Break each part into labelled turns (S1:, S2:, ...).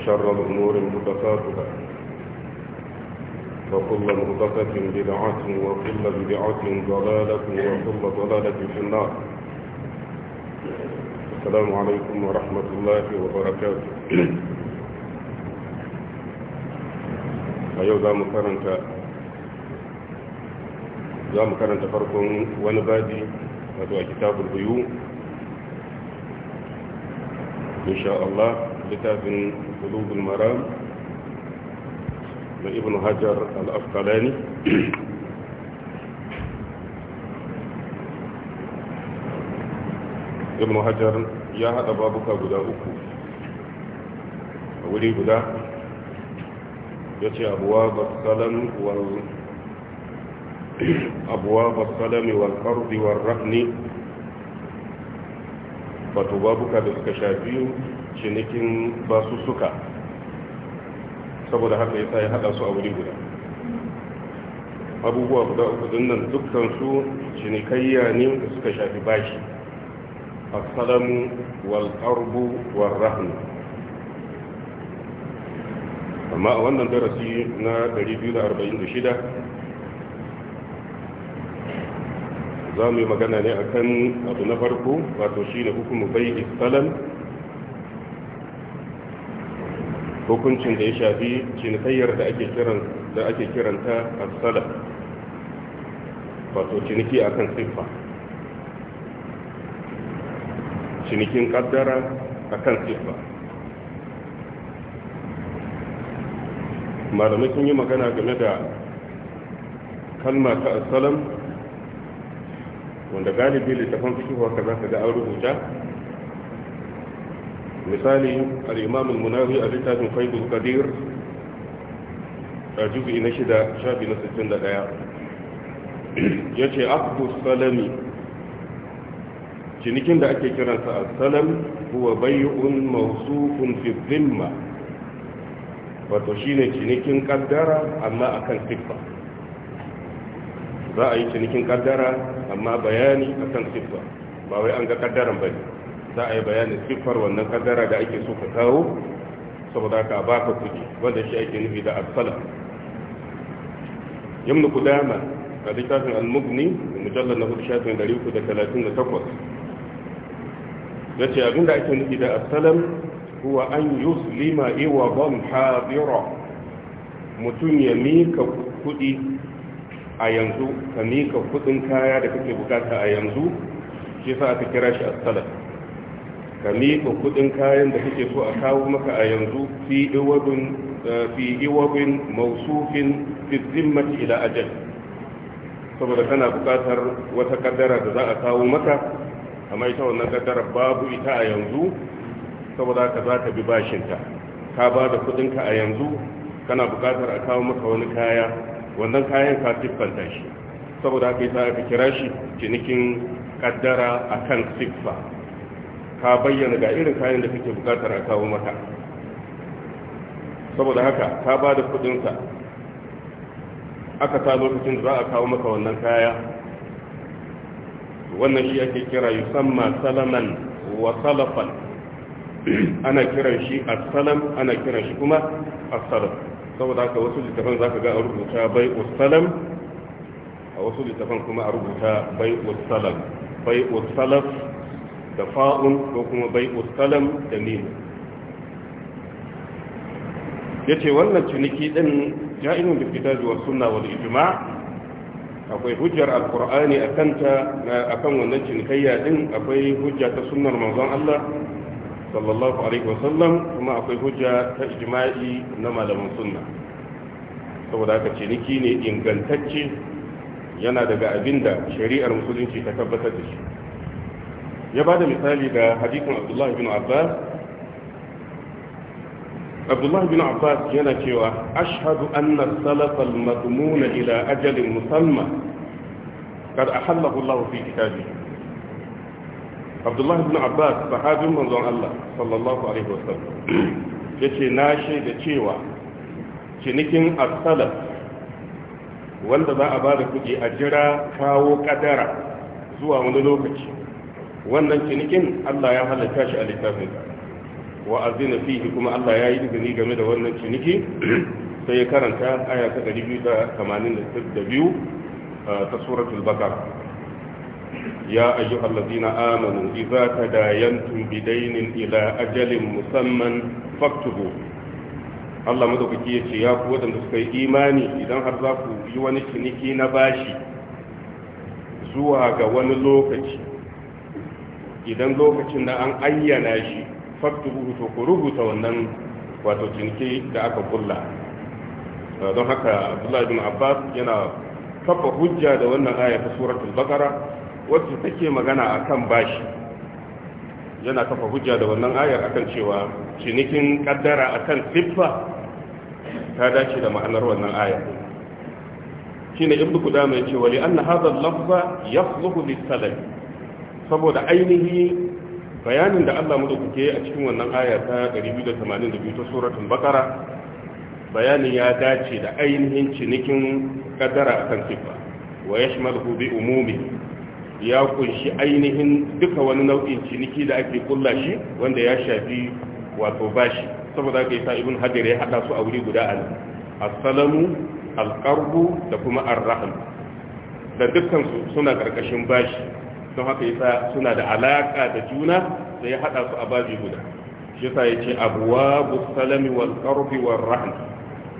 S1: وشر الأمور مهدفاتها وكل مهدفة بدعة وكل بدعة ضلالة وكل ضلالة في النار السلام عليكم ورحمة الله وبركاته أيها مقارنة za mu karanta farkon ونبادي هذا كتاب البيوم إن شاء الله كتاب قلوب المرام لابن هجر الأفقلاني ابن هجر يا هذا بابك غدا اوكو ولي غدا يتي ابواب السلام وال ابواب السلام والقرض والرهن فتبابك بالكشافين cinikin suka. saboda haka ya sa ya haɗa su a wuri guda abubuwa guda uku dinnan dukkan su cinikayya ne da suka shafi bashi asalamu wal arbu war rahmu amma a wannan darasi na 246 za mu yi magana ne akan abu na farko wato shi ne hukumu bai salam hukuncin da ya shafi cinikayyar da ake kiran da ake kiranta as-sala wato ciniki akan siffa cinikin kaddara akan siffa malamai sun yi magana game da kalma ta as-salam wanda galibi littafin fitowa ka za ka ga an rubuta misali al-imam al-munawi a littafin faidul qadir a juzi na shida shafi na 61 ya ce abdus salami cinikin da ake kiransa al-salam huwa bai'un mawsufun fi dhimma wato shine cinikin kaddara amma akan siffa za a yi cinikin kaddara amma bayani akan siffa ba wai an ga kaddaran bane za a yi bayanin siffar wannan kaddara da ake so ka kawo saboda ka ba ka kuɗi wanda shi ake nufi da asala yamnu kudama a littafin al-mubni mugni mujallar na hudu shafin dari uku da talatin da takwas ya ce abinda ake nufi da asalam huwa an yuslima iwa ban hadira mutum ya mika kuɗi a yanzu ka mika kuɗin kaya da kake bukata a yanzu shi sa ta kira shi asalam ka miƙa kuɗin kayan da kake so a kawo maka a yanzu fi iwabin eh, fi iwabin mausufin fi zimmati ila ajal saboda kana buƙatar wata kaddara da za a kawo maka amma ita wannan kaddara babu ita a yanzu saboda ka za ka bi bashinta ka ba da kuɗinka a yanzu kana buƙatar a kawo maka wani kaya wannan kayan ka siffanta shi saboda haka yasa aka kira shi cinikin kaddara akan siffa ka bayyana ga irin kayan da kake bukatar a kawo maka saboda haka ka ba da kudinsa aka ta lokacin da za a kawo maka wannan kaya wannan shi ake kira yusamma salaman wa salafan ana kiran shi as-salam ana kiran shi kuma as salam. saboda haka wasu littafan zaka ga a rubuta bai'us salam a wasu littafan kuma a rubuta bai'us salam bai'us salaf da fa'un ko kuma bai salam da mim ya ce wannan ciniki ɗin inu da fita zuwa suna wani ijima akwai hujjar alkur'ani a kanta a kan wannan cinikayya ɗin akwai hujja ta sunar manzon Allah sallallahu alaihi wasallam kuma akwai hujja ta ijima'i na malaman sunna saboda haka ciniki ne ingantacce yana daga abinda shari'ar musulunci ta tabbatar da shi ya ba da misali da hadisin abdullahi bin abbas abdullahi bin abbas yana cewa ashhadu anna salafal madmuna ila ajalin musamma kad ahallahu Allah fi kitabi abdullahi bin abbas sahabin manzon Allah sallallahu alaihi wasallam ce na shaida cewa cinikin as wanda za a ba da kuɗi a jira kawo kadara zuwa wani lokaci wannan cinikin Allah ya halatta shi a littafinsa wa azina fihi kuma Allah ya yi izini game da wannan ciniki sai ya karanta aya ta 282 ta suratul baqara ya ayyuhal amanu idza tadayantum bidaynin ila ajalin musamman faktubu Allah madaukaki yace ya ku wadanda suka yi imani idan har za ku yi wani ciniki na bashi zuwa ga wani lokaci idan lokacin da an ayyana shi faktubu to ku rubuta wannan wato ciniki da aka kulla don haka Abdullahi bin Abbas yana kafa hujja da wannan aya ta suratul Baqara wacce take magana akan bashi yana kafa hujja da wannan ayar akan cewa cinikin kaddara akan siffa ta dace da ma'anar wannan ayar shine ibnu kudama yace wali anna hadha al-lafza yasluhu lis-salam saboda ainihi bayanin da Allah kuke a cikin wannan aya ta 282 ta suratun bakara bayanin ya dace da ainihin cinikin kadara akan siffa wa malhu bi umumi ya kunshi ainihin duka wani nau'in ciniki da ake kulla shi wanda ya shafi wato bashi saboda aka yi sa ibn hajar ya haɗa su a wuri guda a salamu, alƙarbu da kuma arrahim da dukkan suna ƙarƙashin bashi don haka yasa suna da alaka da juna da ya hada su a babi guda shi yasa yace abwabu salami wal qarbi war rahm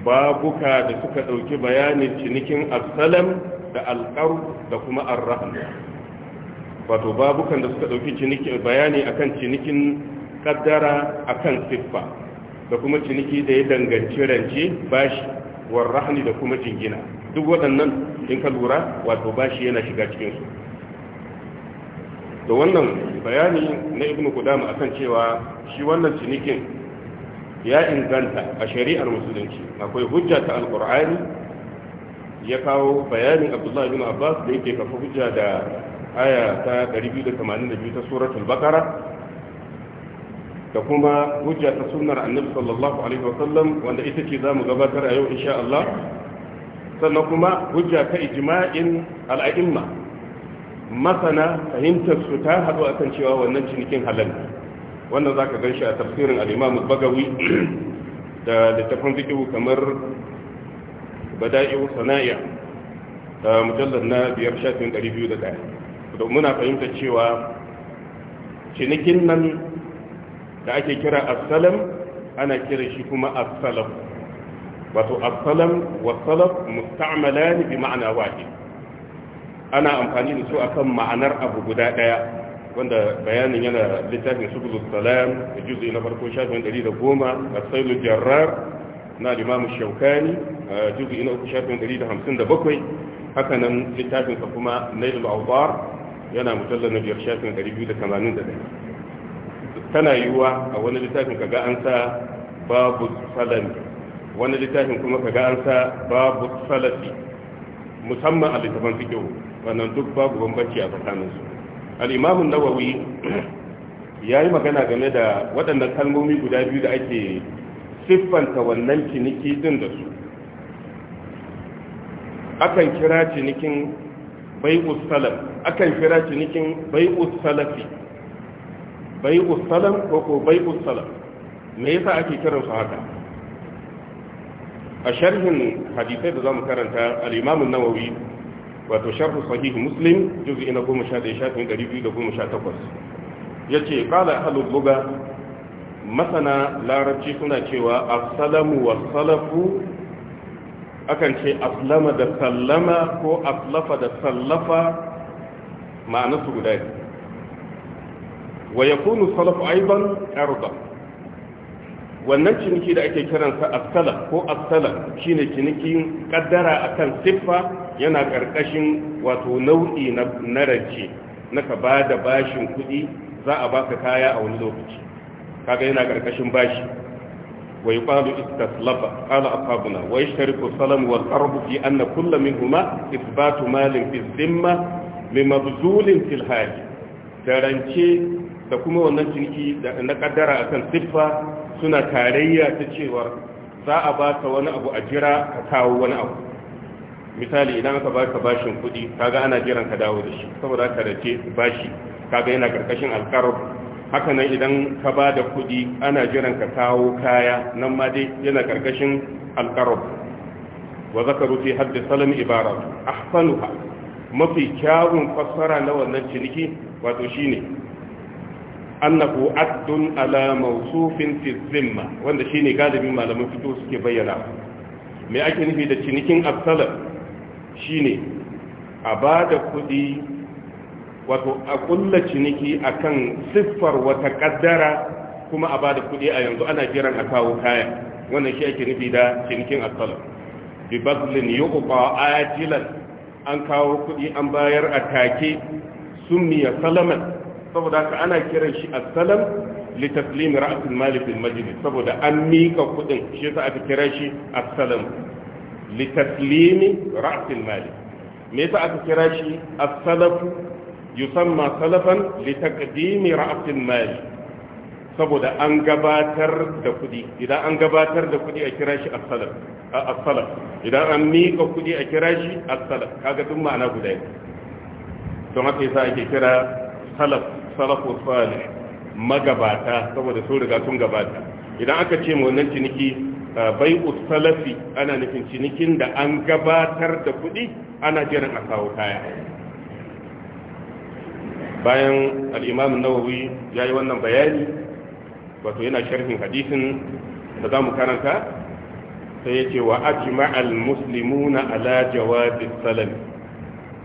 S1: babuka da suka dauki bayanin cinikin as-salam da al-qarb da kuma ar-rahm wato babukan da suka dauki cinikin bayani akan cinikin kaddara akan siffa da kuma ciniki da ya danganci rance bashi war da kuma jingina duk waɗannan in ka lura wato bashi yana shiga cikinsu. da wannan bayani na ibn kudama akan cewa shi wannan cinikin ya inganta a shari'ar musulunci akwai hujja ta alkur'ani ya kawo bayanin abdullahi bin abbas da yake kafa hujja da aya ta 282 ta al-Bakara, da kuma hujja ta sunnar annabi sallallahu alaihi wasallam wanda ita ce zamu gabatar a yau insha Allah sannan kuma hujja ta ijma'in al'a'imma masana fahimtar su ta haɗu kan cewa wannan cinikin halal wannan zaka gan shi a tafsirin al bagawi da littafin fiqh kamar bada'i'u sana'i da mujallar na biyar shafin ɗari biyu da 201 to muna fahimtar cewa cinikin nan da ake kira as ana kira shi kuma as-salaf wato as-salam wa salaf musta'malani bi ma'ana wahid ana amfani da su akan ma'anar abu guda daya wanda bayanin yana littafin subulus salam da juzi na farko shafin 110 a tsailu jarrar na limamu shaukani a juzi na uku shafin 157 haka nan littafinsa kuma na ilu autar yana mutalla na biyar shafin 281 tana yiwuwa a wani littafin kaga an sa babu salami wani littafin kuma kaga an sa babu salafi musamman a littafin fikihu wannan duk babu bambanci a tsakaninsu al'imamun nawawi ya yi magana game da waɗannan kalmomi guda biyu da ake siffanta wannan ciniki din da su akan kira cinikin bai'us salaf akan kira cinikin bai'us salafi bai'us salam ko ko bai'us salaf me yasa ake su haka a sharhin hadisai da karanta al karanta an nawawi wato sharhu sahih muslim ina goma sha ɗaya shafin da ɗari biyu goma sha takwas. 218 yace qala ahlul buga masana larabci suna cewa Asalamu salamu salafu akan ce aslama da sallama ko aslafa da sallafa ma'ana guda ne wa yakunu salafu aidan arda wannan ciniki da ake kiransa asala ko asala shine cinikin kaddara akan siffa yana karkashin wato nau'i na rance na ka ba da bashin kuɗi za a baka kaya a wani lokaci kaga yana karkashin bashi wa yuqalu istaslafa qala ashabuna wa yashtariku salam wal qarb fi anna kull minhuma ithbatu malin fi dhimma min mabzulin fil hali da rance da kuma wannan ciniki na kaddara akan siffa suna tarayya ta cewa za a ba baka wani abu a jira ka kawo wani abu misali idan aka ka bashin kuɗi kaga ana jiran ka dawo da shi saboda ka race bashi kaga yana karkashin alkarar haka nan idan ka ba da kuɗi ana jiran ka kawo kaya nan ma dai yana karkashin alkarar wa zakaru fi haddi salam ibara ahsanuha mafi kyawun fassara na wannan ciniki wato shine annahu addun ala mawsufin fi zimma wanda shine galibin malaman fito suke bayyana me ake nufi da cinikin as shine a da kudi wato a kulla ciniki akan siffar wata kaddara kuma a da kudi a yanzu ana jiran a kawo kaya wannan shi ake nufi da cinikin as-salaf bi bazlin yuqta ajilan an kawo kudi an bayar a take summiya salaman saboda haka ana kiran shi assalam li taslim ra's al fil majlis saboda an mika kudin shi yasa aka kira shi assalam li taslim ra's al me yasa aka kira shi as-salaf yusamma salafan li taqdim ra's al saboda an gabatar da kudi idan an gabatar da kudi a kira shi as-salaf idan an mika kudi a kira shi as-salaf kaga duk ma'ana guda ne don haka yasa ake kira salaf salafu salih magabata saboda sun riga sun gabata idan aka ce mu wannan ciniki bai salafi ana nufin cinikin da an gabatar da kuɗi ana jiran a kawo kaya bayan al'imam nawawi ya yi wannan bayani wato yana sharhin hadisin da za mu karanta sai ya ce wa ajima muslimuna ala jawabin salami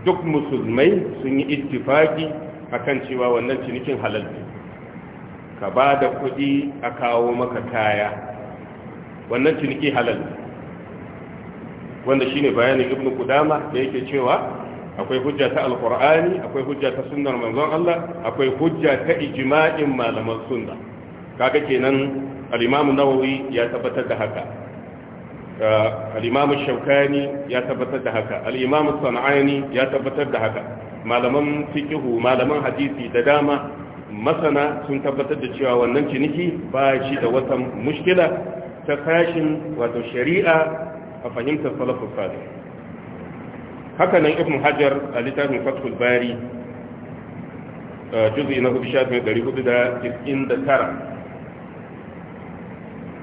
S1: duk musulmai sun yi ittifaki akan cewa wannan cinikin halal ne ka ba da kuɗi a kawo maka kaya wannan ciniki halal ne wanda shine bayanin ibnu kudama da yake cewa akwai hujja ta alkur'ani akwai hujja ta sunnar manzon Allah akwai hujja ta ijma'in malaman sunna kaga kenan al-imam nawawi ya tabbatar da haka al-imam shaukani ya tabbatar da haka al-imam ya tabbatar da haka malaman fikihu malaman hadisi da dama masana sun tabbatar da cewa wannan ciniki ba shi da wata mushkila ta kashin wato shari'a a fahimtar salafus salih haka nan ibn hajar a littafin fathul bari juzi na hudu shafin ɗari hudu da tis'in da tara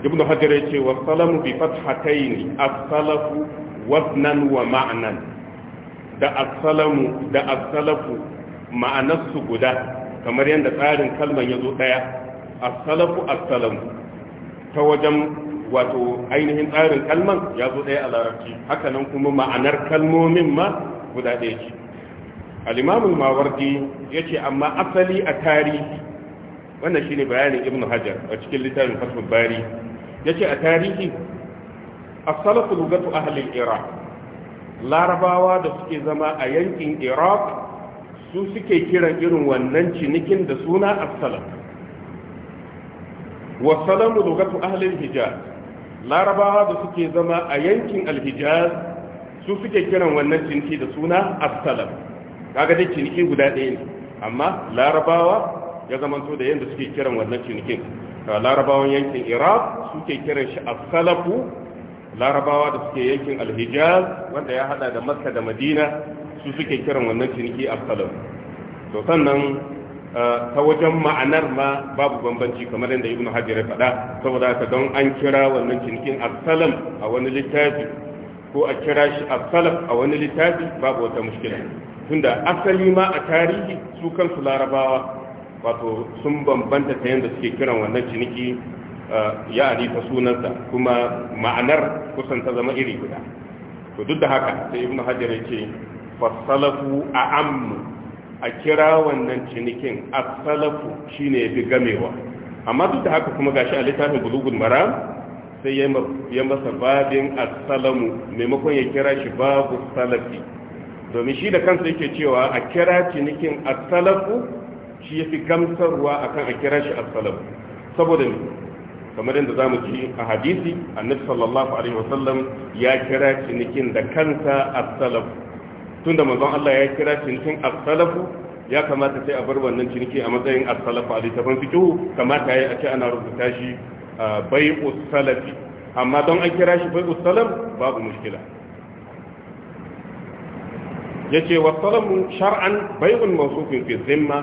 S1: ibn hajar ya ce wa salamu bi fathataini a salafu waznan wa ma'nan da assalamu da assalafu ma'anarsu guda kamar yadda tsarin kalman ya zo ɗaya Asalafu Asalamu, ta wajen wato ainihin tsarin kalman ya zo ɗaya a larabci hakanan kuma ma'anar kalmomin ma guda ɗaya ce alimamun mawardi ya ce amma asali a tarihi wannan shi ne bayanin ibn hajar a cikin littafin fasfin bari ya ce a tarihi asalafu lugatu ahalin iraq larabawa da suke zama a yankin iraq su suke kiran irin wannan cinikin da suna assalam wasalamu lugatu ahlil hijaz larabawa da suke zama a yankin alhijaz su suke kiran wannan ciniki da suna assalam kaga dai ciniki guda ɗaya ne amma larabawa ya to da yadda suke kiran wannan cinikin larabawan yankin iraq suke kiran shi as larabawa da suke yankin alhijaz wanda ya hada da makka da madina su suke kiran wannan ciniki absalam to sannan uh, ta wajen ma'anar ma babu bambanci kamar yadda Ibn hajar ya faɗa saboda ta don an kira wannan cinikin absalam a wani littafi ko a kira shi absalam a wani littafi babu wata mushkila tunda asali ma a tarihi su kansu larabawa wato sun bambanta ta yadda suke kiran wannan ciniki ya ta sunansa kuma ma'anar kusan ta zama iri guda to duk da haka sai ibnu hajar yake fasalafu a ammu a kira wannan cinikin asalafu shine fi gamewa amma duk da haka kuma gashi a littafin bulugul maram sai ya masa babin asalamu maimakon ya kira shi babu salafi domin shi da kansa yake cewa a kira cinikin asalafu shi yafi gamsarwa akan a kira shi asalafu saboda kamar yadda zamu ji a hadisi annabi sallallahu alaihi wasallam ya kira cinikin da kansa as-salaf tunda manzon Allah ya kira cinikin as-salaf ya kamata sai a bar wannan ciniki a matsayin as-salaf a littafin fiqh kamata yayi a ce ana rubuta shi bai'u salafi amma don an kira shi bai'u salaf babu mushkila yace wa salamu shar'an bai'un mawsufin fi zimma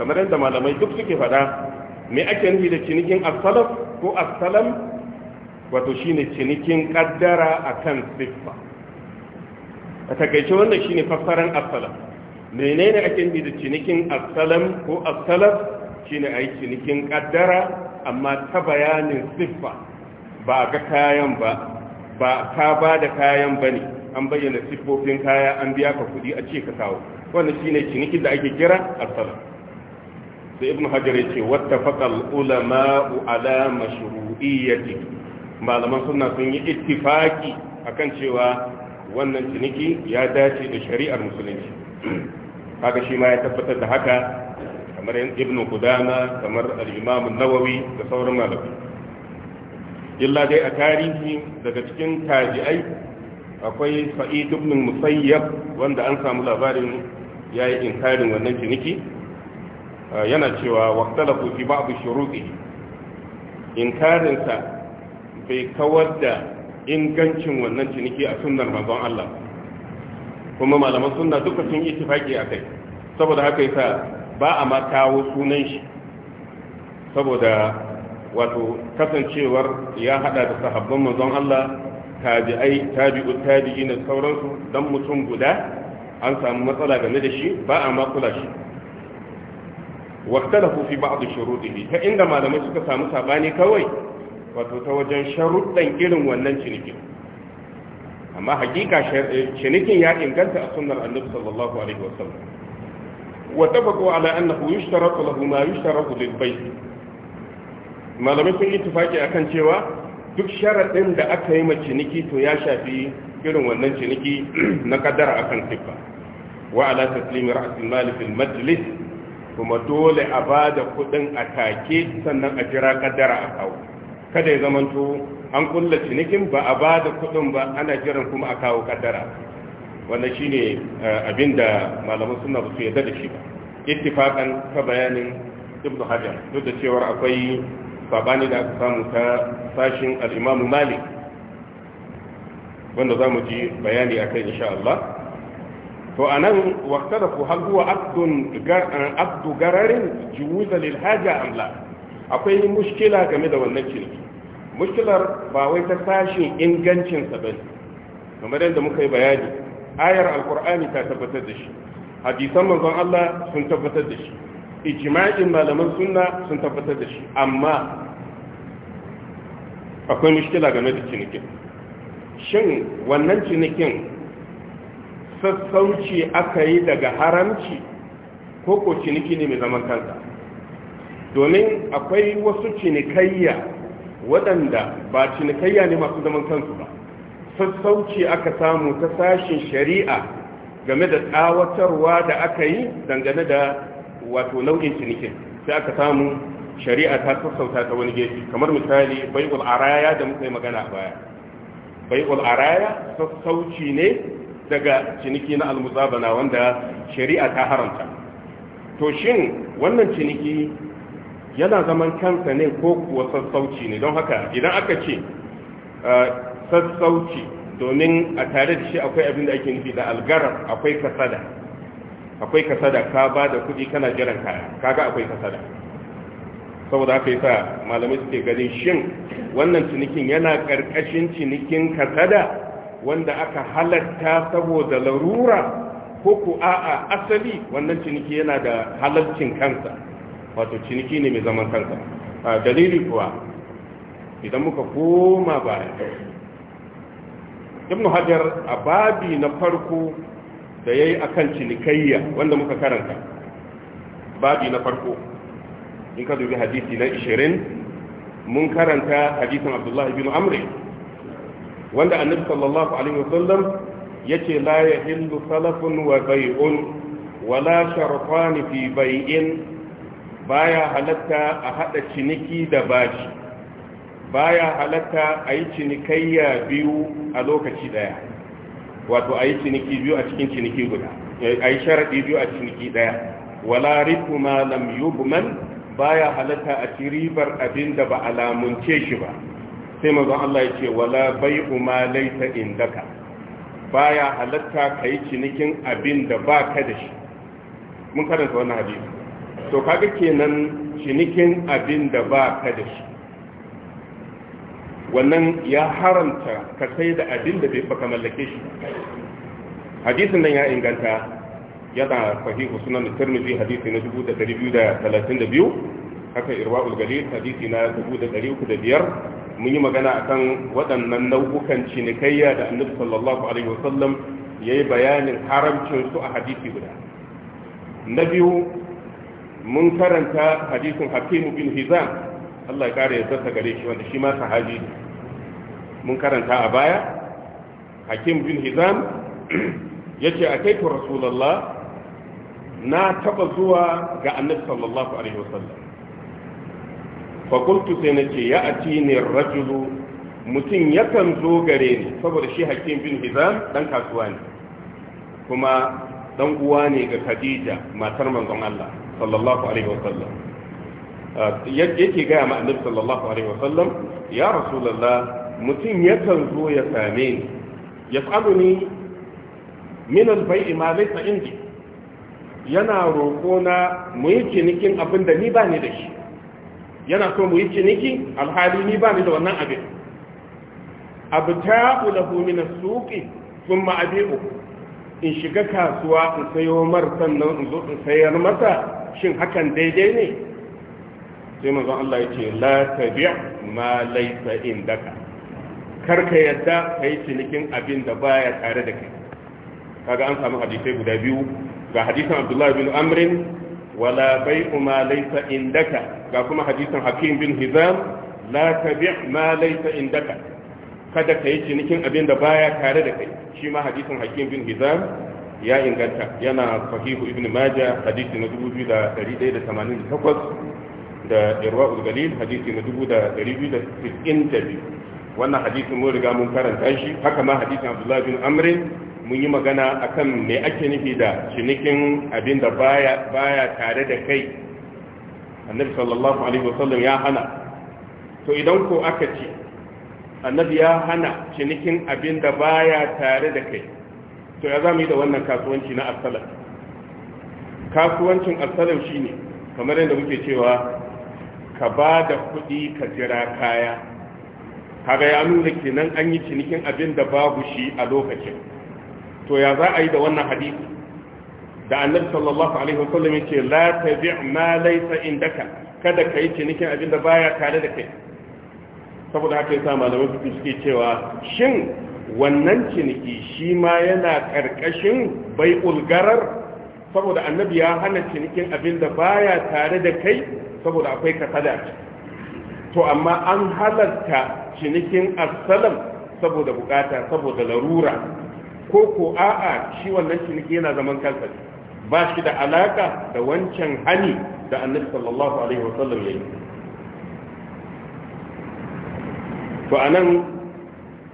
S1: kamar yadda malamai duk suke fada me ake nufi da cinikin asalaf ko asalam wato shine cinikin kaddara akan siffa a takaice wannan shine fassaran asalaf menene ake nufi da cinikin asalam ko asalaf shine ayi cinikin kaddara amma ta bayanin siffa ba ga kayan ba ba ka ba da kayan ba ne an bayyana siffofin kaya an biya ka kudi a ce ka kawo wannan shine cinikin da ake kira asalam sai ibn hajar wata wattafaqal ulama ala mashru'iyyati malaman suna sun yi ittifaki akan cewa wannan ciniki ya dace da shari'ar musulunci Haka shi ma ya tabbatar da haka kamar ibn gudana kamar al nawawi da sauran malamai illa dai a tarihi daga cikin tabi'ai akwai sa'id ibn musayyab wanda an samu labarin yayi inkarin wannan ciniki yana cewa waqtalafu fi ba'd shuruti inkarinsa bai kawar da ingancin wannan ciniki a sunnar manzon Allah kuma malaman sunna duka sun yi a akai saboda haka yasa ba a ma kawo sunan shi saboda wato kasancewar ya hada da sahabban manzon Allah tabi'ai tabi'u tabi'in sauransu dan mutum guda an samu matsala game da shi ba a ma kula shi واختلفوا في بعض شروطه فإن ما لم يسك سامو ساباني كوي وتتوجن شروطا إلن ونن شنكين amma hakika cinikin ya inganta a sunnar annabi sallallahu alaihi wasallam wa tabaqu ala annahu yushtaratu lahu ma yushtaratu lil bayt malamai sun ittifaki akan cewa duk sharaɗin da aka yi ma ciniki to ya shafi irin wannan ciniki na kadara kan sifa wa ala taslimi ra'sil mal fil majlis kuma dole a ba da kudin a take sannan a jira kaddara a kawo kada ya zamanto an kulla cinikin ba a ba da kudin ba ana jiran kuma a kawo kaddara wannan shine eh, abin da malaman suna ba su yadda da shi ba ittifakan ta bayanin ibnu hajar duk da cewar akwai sabani da aka samu ta sashin al imam malik wanda zamu mu ji bayani akai insha Allah to anan waqtada ku hal huwa abdun abdu gararin juwuza lil haja am la akwai mushkila game da wannan ciniki mushkilar ba wai ta sashin ingancin sa bane kamar yadda muka yi bayani ayar alqur'ani ta tabbatar da shi hadisan manzon Allah sun tabbatar da shi ijma'in malaman sunna sun tabbatar da shi amma akwai mushkila game da cinikin shin wannan cinikin sassauci aka yi daga haramci ko ko ciniki ne mai zaman kansa domin akwai wasu cinikayya waɗanda ba cinikayya ne masu zaman kansu ba sassauci aka samu ta sashin shari'a game da tsawatarwa da aka yi dangane da wato nau'in cinikin sai aka samu shari'a ta sassauta ta wani gefe kamar misali bai'ul araya da muka yi magana a baya bai'ul araya sassauci ne daga ciniki na almuzabana wanda shari'a ta haramta to shin wannan ciniki yana zaman kansa ne ko kuwa sassauci ne don haka idan aka ce sassauci domin a tare da shi akwai abin da ake nufi da algarar akwai kasada akwai kasada ka ba da kuɗi kana jiran kaya kaga akwai kasada saboda haka sa malamai suke ganin shin wannan cinikin yana karkashin cinikin kasada wanda aka halatta saboda larura ko ku a'a asali wannan ciniki yana da halalcin kansa wato ciniki ne mai zaman kansa dalili kuwa idan muka koma baya ibn hajar a babi na farko da ya yi a kan cinikayya wanda muka karanta babi na farko in ka dubi hadisi na 20 mun karanta hadisin abdullahi bin amri wanda annabi sallallahu alaihi wasallam yace la yahillu salafun wa bai'un wala sharfani fi bai'in baya halatta a hada ciniki da bashi baya halatta a yi cinikayya biyu a lokaci daya wato a yi ciniki biyu a cikin ciniki guda a yi sharaɗi biyu a ciniki daya wala rifu ma lam yubman baya halatta a ci ribar abin da ba alamunce shi ba sai manzon Allah ya ce wala bai ma laita indaka baya halatta kai cinikin abin da baka da shi mun karanta wannan hadisi to kaga kenan cinikin abin da baka da shi wannan ya haramta ka sai da abin da baka mallake shi hadisin nan ya inganta yana fahimu sunan tirmidhi hadisi na 2232 haka irwaul gari hadisi na dubu da ɗari uku da biyar mun yi magana akan waɗannan nau'ukan cinikayya da annabi sallallahu alaihi wasallam ya yi bayanin haramcin su a hadisi guda na biyu mun karanta hadisin hakimu bin hizam Allah ya kare ya zata gare shi wanda shi ma sahabi mun karanta a baya hakim bin hizam ya ce a kaifin rasulallah na taɓa zuwa ga annabi sallallahu alaihi wasallam fakultu sai na ce ya ati ne rajulu mutum yakan zo gare ni saboda shi hakim bin hizam dan kasuwa ne kuma dan uwa ne ga khadija matar manzon Allah sallallahu alaihi wasallam ah, yake ga ma annabi sallallahu alaihi wasallam ya rasulullah mutum yakan zo ya same ni yas'aluni min al-bai'i ma laysa indi yana roƙo na mu yi cinikin abin da ni ba ni da shi yana so mu yi ciniki alhali ni ba ni da wannan abin abu ta'u lahu min as-suqi thumma uku. in shiga kasuwa in sayo mar sannan in zo in sayar masa shin hakan daidai ne sai manzon Allah ya ce la tabi' ma laysa kar ka yadda yi cinikin abin da baya tare da kai kaga an samu hadisai guda biyu ga hadisin Abdullah bin Amri. wala bai'u ma laysa indaka ga kuma hadisin hakim bin hizam la tabi' ma laysa indaka kada ka yi cinikin abin da baya tare da kai shi ma hadisin hakim bin hizam ya inganta yana sahihu ibn Maja hadisi na 2188 da irwa ulgalil hadisi na dubu da dari biyu da sittin da biyu wannan hadisin mun riga mun karanta shi haka ma hadisin abdullahi bin amrin mun yi magana akan me ake nufi da cinikin abin da baya baya tare da kai annabi sallallahu alaihi wasallam ya hana to idan ko aka ce annabi ya hana cinikin abin da baya tare da kai to ya zamu yi da wannan kasuwanci na asalar kasuwancin asalar shine kamar yadda muke cewa ka ba da kuɗi ka jira kaya kaga ya nuna kenan an yi cinikin abin da babu shi a lokacin to ya za a yi da wannan hadisi da annabi sallallahu alaihi wasallam yake la tabi ma laysa indaka kada ka yi cinikin abin da baya tare da kai saboda haka yasa malamai suke suke cewa shin wannan ciniki shi ma yana karkashin bai ulgarar saboda annabi ya hana cinikin abin da baya tare da kai saboda akwai kasada to amma an halarta cinikin asalam saboda bukata saboda larura ko ko a'a shi wannan ciniki yana zaman kansa ba shi da alaka da wancan hani da annabi sallallahu alaihi ya yayi to anan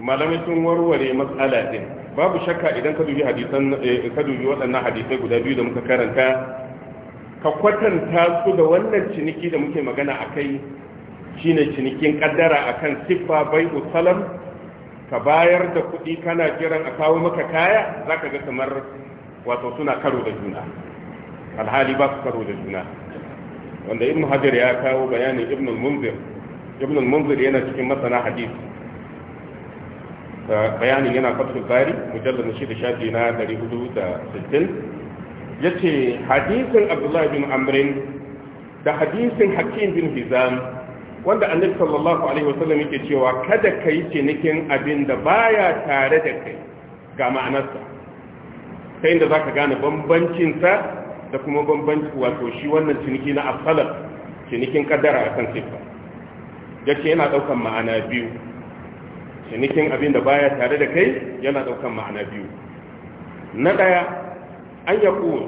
S1: malamai sun warware matsala din babu shakka idan ka dubi hadisan eh, ka dubi waɗannan hadisai guda biyu da muka karanta ka kwatanta su da wannan ciniki da muke magana akai shine cinikin kaddara akan siffa bai usalam ka bayar da kuɗi kana kiran a kawo maka kaya za ka ga kamar wato suna karo da juna alhali ba su karo da juna wanda ibn hajar ya kawo bayanin ibn munzir ibn munzir yana cikin masana hadisi bayanin yana fatu bari mujallal na shida shafi na Ya ce hadisin abdullahi bin amrin da hadisin hakim bin hizam wanda annabi sallallahu alaihi wasallam yake cewa kada ka yi cinikin abin da baya tare da kai ga ma'anarsa ta inda za ka gane bambancinsa da kuma bambanci wato shi wannan ciniki na asalar cinikin kaddara a kan sifa ya ce yana ɗaukan ma'ana biyu cinikin abin da baya tare da kai yana ɗaukan ma'ana biyu na ɗaya an ya ƙuwa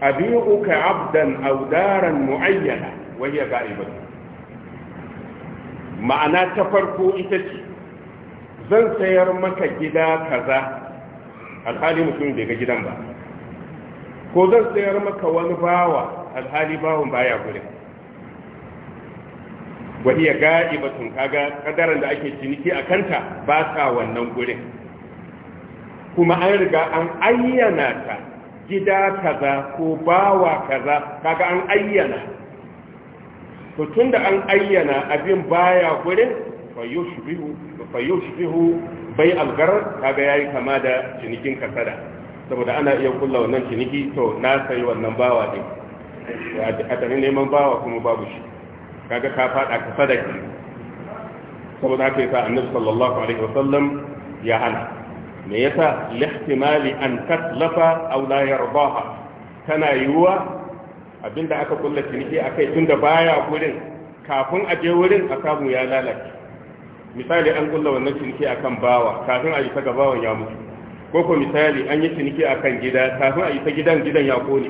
S1: abiyu ka abdan audaran mu'ayyana wahiyar ga'ibatu ma'ana ta farko ita ce zan sayar maka gida kaza alhali mutum bai ga gidan ba ko zan sayar maka wani bawa alhali bawon baya gurin ba ga'ibatun kaga kadaran da ake ciniki a kanta ba sa wannan gurin kuma an riga an ayyana ta gida kaza ko bawa kaza kaga an ayyana to tun da an ayyana abin baya gurin fayyushbihu bai algarar kaga yi kama da cinikin kasada saboda ana iya kulla wannan ciniki to na sayi wannan bawa din a tare neman bawa kuma babu shi kaga ka fada kasada ki saboda haka yasa annabi sallallahu alaihi wasallam ya hana me yasa lihtimali an tatlafa aw la yardaha tana yiwa abinda aka kulla ciniki a kai tunda baya gurin kafin a je wurin a samu ya lalace misali an kulla wannan ciniki akan bawa kafin a yi ta bawan ya mutu ko ko misali an yi ciniki akan gida kafin a yi ta gidan gidan ya kone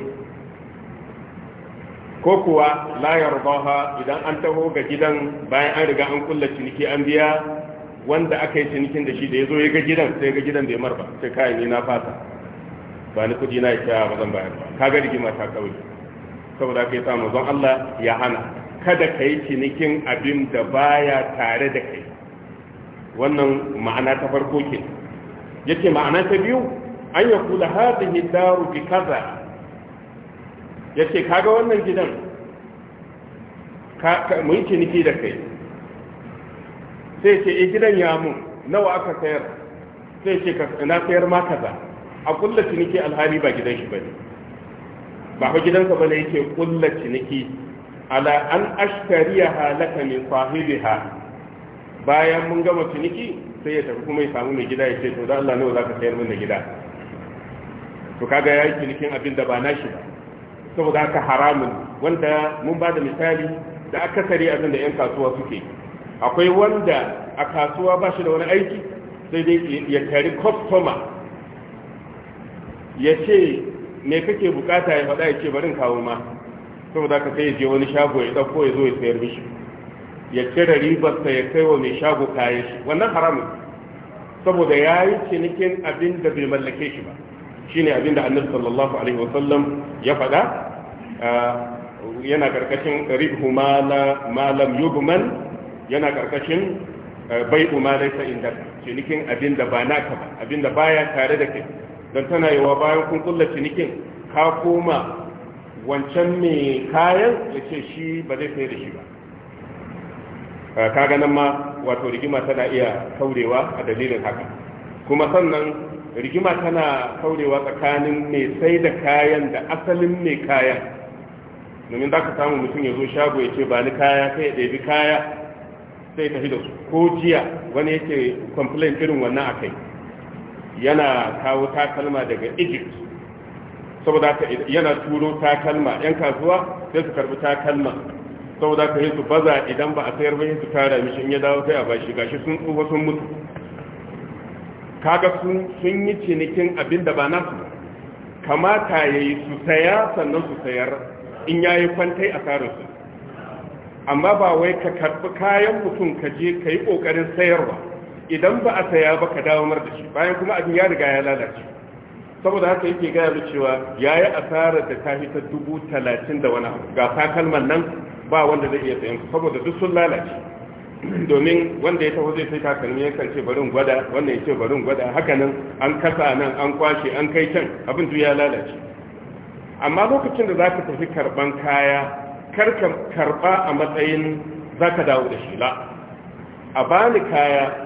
S1: ko kuwa la yardaha idan an taho ga gidan bayan an riga an kulla ciniki an biya wanda aka yi cinikin da shi da ya zo ya ga gidan sai ga gidan bai marba sai kayan ni na fata ba ni kudi na ya ba zan bayar ba ga rigima ta kawai saboda yi sa mazan Allah ya hana kada yi cinikin abin da baya tare da kai wannan ma'ana ta farko ke yake ma'ana ta biyu an ya kula hadhihi daru bi kaza yake kaga wannan gidan ka mu yi ciniki da kai sai ce eh gidan ya mun nawa aka sayar sai ce na sayar ma kaza a kulla ciniki alhali ba gidan shi bane ba fa gidanka ba ne yake kulla ciniki ala an ashtariya halaka min sahibiha bayan mun gama ciniki sai ya tafi kuma ya samu mai gida ya ce to dan Allah nawa ka sayar min da gida to kaga yayi cinikin abin da ba nashi ba saboda haka haramun wanda mun ba da misali da akasari abin da 'yan kasuwa suke akwai wanda a kasuwa ba shi da wani aiki sai dai ya tari kwastoma ya ce me kake bukata ya faɗa ya ce barin kawo ma saboda ka sai ya je wani shago ya ɗauko ya zo ya sayar mishi ya cire ribarsa ya kai wa mai shago kayan shi wannan haramun saboda ya yi cinikin abin da bai mallake shi ba shine abin da annabi sallallahu alaihi wasallam ya faɗa yana karkashin ribhu malam yugman yana karkashin eh, bai umarai sa inda cinikin abin da ba naka ba abin da baya tare da kai don tana yawa bayan kun kulla cinikin ka koma wancan mai kayan ya ce shi ba zai sai da shi ba Ka nan ma wato rigima tana iya kaurewa a dalilin haka kuma sannan rigima tana kaurewa tsakanin mai sai da kayan da asalin mai kayan domin za ka samu mutum ya zo shago ya ce ba ni kaya sai ya ɗabi kaya sai tafi da ko jiya wani yake complain irin wannan a kai. yana kawo takalma daga egypt saboda yana turo takalma yan kasuwa sai su karbi takalma saboda ka yi su baza idan ba a sayar ba su tara mishi in ya dawo sai a bashi gashi sun tsufa sun mutu kaga sun sun yi cinikin abin da ba nasu kamata ya yi su saya sannan su sayar in ya yi kwantai a su amma ba wai ka karbi kayan mutum ka je ka yi ƙoƙarin sayarwa idan ba a saya ba ka dawo mar da shi bayan kuma abin ya riga ya lalace saboda haka yake gaya mu cewa ya yi asarar da ta fi ta dubu talatin da wani abu ga takalman nan ba wanda zai iya sayan saboda duk sun lalace domin wanda ya taho zai sai takalmi ya kan ce barin gwada wannan ya ce barin gwada haka nan an kasa nan an kwashe an kai can abin duk ya lalace amma lokacin da za ka tafi karban kaya karka karba a matsayin za ka dawo da shi la a bani kaya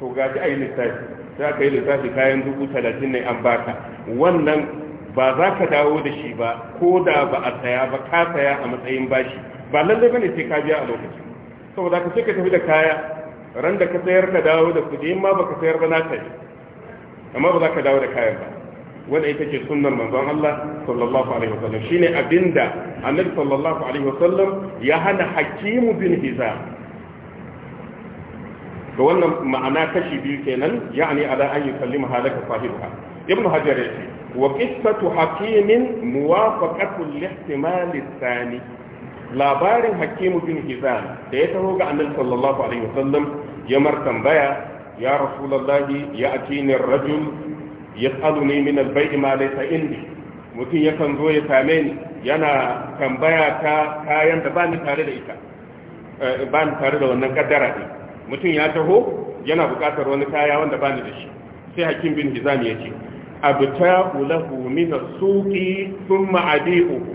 S1: to ga a yi lissafi Za ka yi lissafi kayan dubu talatin ne an baka wannan ba za ka dawo da shi ba ko da ba a saya ba ka saya a matsayin bashi ba lallai bane sai ka biya a lokacin saboda ka sai ka tafi da kaya ran da ka sayar ka dawo da kuɗi in ma ka sayar ba na tafi amma ba za ka dawo da kayan ba wanda ita ce sunnar manzon Allah sallallahu alaihi wasallam shine abinda annabi sallallahu alaihi wasallam ya hana hakimu bin hizam to wannan ma'ana kashi biyu kenan ya'ani ala an yusallima halaka sahibiha ibnu hajar yace wa qissatu hakimin muwafaqatu lihtimal athani labarin hakimu bin hizam da ya taho ga annabi sallallahu alaihi wasallam ya mar tambaya ya rasulullahi ya atini rajul yas'aluni min al-bay'i ma laysa indi mutum yakan zo ya same ni yana tambaya ta kayan da ba ni tare da ita eh, ba ni tare da wannan kaddara ɗin mutum ya taho yana buƙatar wani kaya wanda ba ni da shi sai hakim bin hizami ya ce abta ulahu min suqi thumma uku.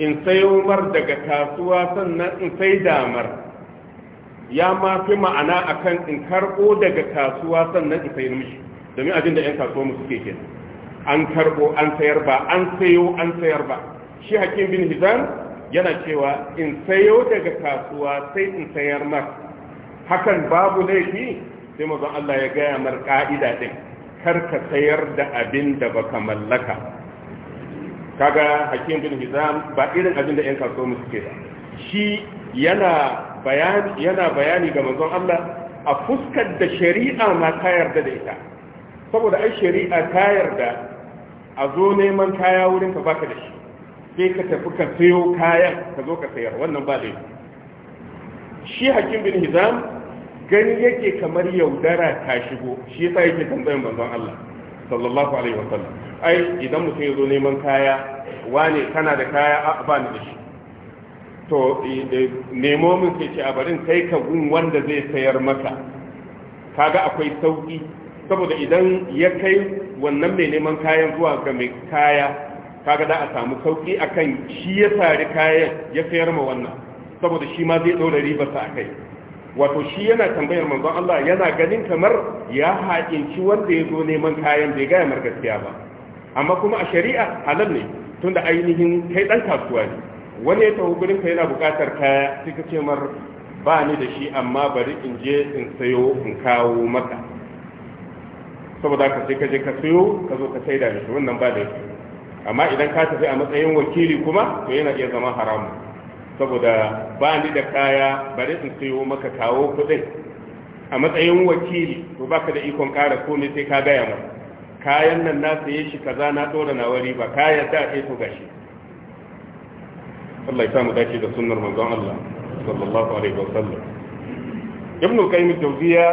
S1: in sai umar daga kasuwa sannan in sai damar ya ma fi ma'ana akan in karɓo daga kasuwa sannan in sai mishi domin ajin da 'yan kasuwa musu ke an karɓo an sayar ba an sayo an sayar ba shi hakim bin Hizan yana cewa in sayo daga kasuwa sai in sayar mar hakan babu laifi sai mazan Allah ya gaya mar ka'ida din kar ka sayar da abin da baka mallaka kaga hakim bin hizam ba irin abin da yan so musu ke shi yana bayani yana bayani ga manzon Allah a fuskar da shari'a ma ta yarda da ita saboda ai shari'a ta yarda a zo neman kaya wurin ka baka da shi sai ka tafi ka sayo kayan ka zo ka sayar wannan ba laifi. shi hakim bin hizam gani yake kamar yaudara ta shigo shi yasa yake tambayan manzon Allah sallallahu alaihi wasallam ai idan mutum ya zo neman kaya wane kana da kaya a ba ni da shi to nemo min sai ce a barin kai ka gun wanda zai sayar maka kaga akwai sauki saboda idan ya kai wannan mai neman kayan zuwa ga mai kaya kaga da a samu sauki akan shi ya sari kayan ya sayar ma wannan saboda shi ma zai ɗora ribarsa a kai wato shi yana tambayar manzon Allah yana ganin kamar ya haƙinci wanda ya zo neman kayan bai gaya mar gaskiya ba amma kuma a shari'a halal ne tunda ainihin kai ɗan kasuwa ne wani ya taho gurin ka yana buƙatar kaya sai ka ce mar ba ni da shi amma bari in je in sayo in kawo maka saboda ka sai ka je ka sayo ka zo ka saida da shi wannan ba da amma idan ka tafi a matsayin wakili kuma to yana iya zama haramun saboda ba ni da kaya bare in sayo maka kawo kuɗin a matsayin wakili to baka da ikon ƙara komai sai ka gaya ma, kayan nan na saye shi kaza na dora na wari ba kaya da a to gashi Allah ya samu dace da sunnar manzon Allah sallallahu alaihi wasallam ibn qayyim al-jawziya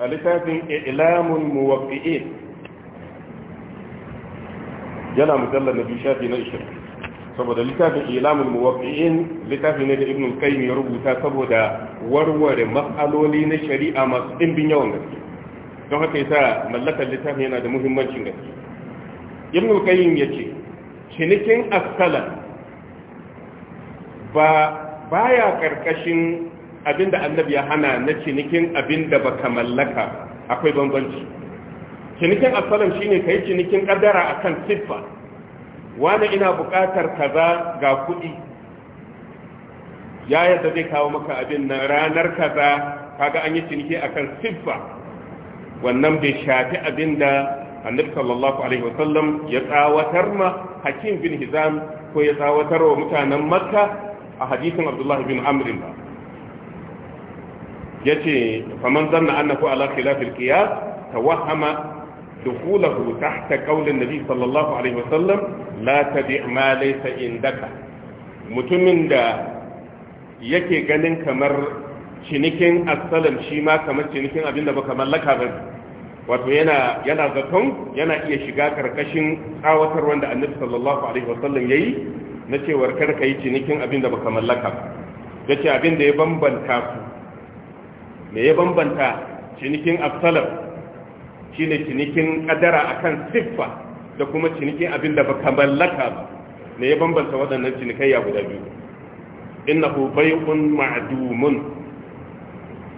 S1: a littafin ilamul muwaqqi'in yana mujallar na biyu shafi na 20 saboda littafin ilamun muwaqqi'in littafi ne da ibn qayyim ya rubuta saboda warware matsaloli na shari'a masu dimbin yawan gaske don haka yasa mallakar littafin yana da muhimmancin gaske ibn ya yace cinikin askala ba baya karkashin abinda annabi ya hana na cinikin abinda baka mallaka akwai bambanci cinikin asalan shine kai cinikin kaddara akan siffa wani ina buƙatar kaza ga kuɗi ya yadda zai kawo maka abin na ranar kaza kaga an yi ciniki akan siffa wannan bai shafi abin da annabi sallallahu alaihi wasallam ya tsawatar ma hakim bin hizam ko ya tsawatar wa mutanen makka a hadisin abdullahi bin amrin ba yace faman zanna annahu ala khilafil qiyas tawahama دخوله تحت قول النبي صلى الله عليه وسلم لا تبع ما ليس عندك mutumin da yake ganin kamar cinikin asalam shi ma kamar cinikin abin da baka mallaka ba wato yana yana zaton yana iya shiga karkashin tsawatar wanda annabi sallallahu alaihi wasallam yayi na cewar kar ka yi cinikin abin da baka mallaka ba yace abin da ya bambanta su me ya bambanta cinikin asalam shine cinikin kadara akan siffa da kuma cinikin abin da baka mallaka ba ne ya bambanta waɗannan cinikayya guda biyu innahu bai'un ma'dumun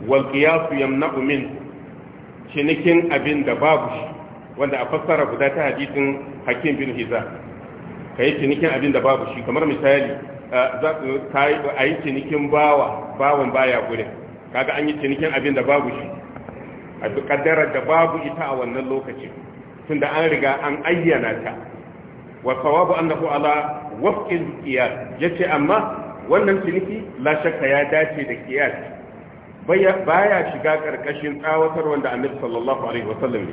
S1: wal qiyas yamna'u min cinikin abin da babu shi wanda a fassara guda ta hadisin hakim bin hiza kai cinikin abin da babu shi kamar misali a yi cinikin bawa bawan baya gurin kaga an yi cinikin abin da babu shi a duk da babu ita a wannan lokaci tunda an riga an ayyana ta wa sawabu annahu ala wafqil qiyas yace amma wannan ciniki la shakka ya dace da qiyas baya shiga karkashin tsawatar wanda annabi sallallahu alaihi wa sallam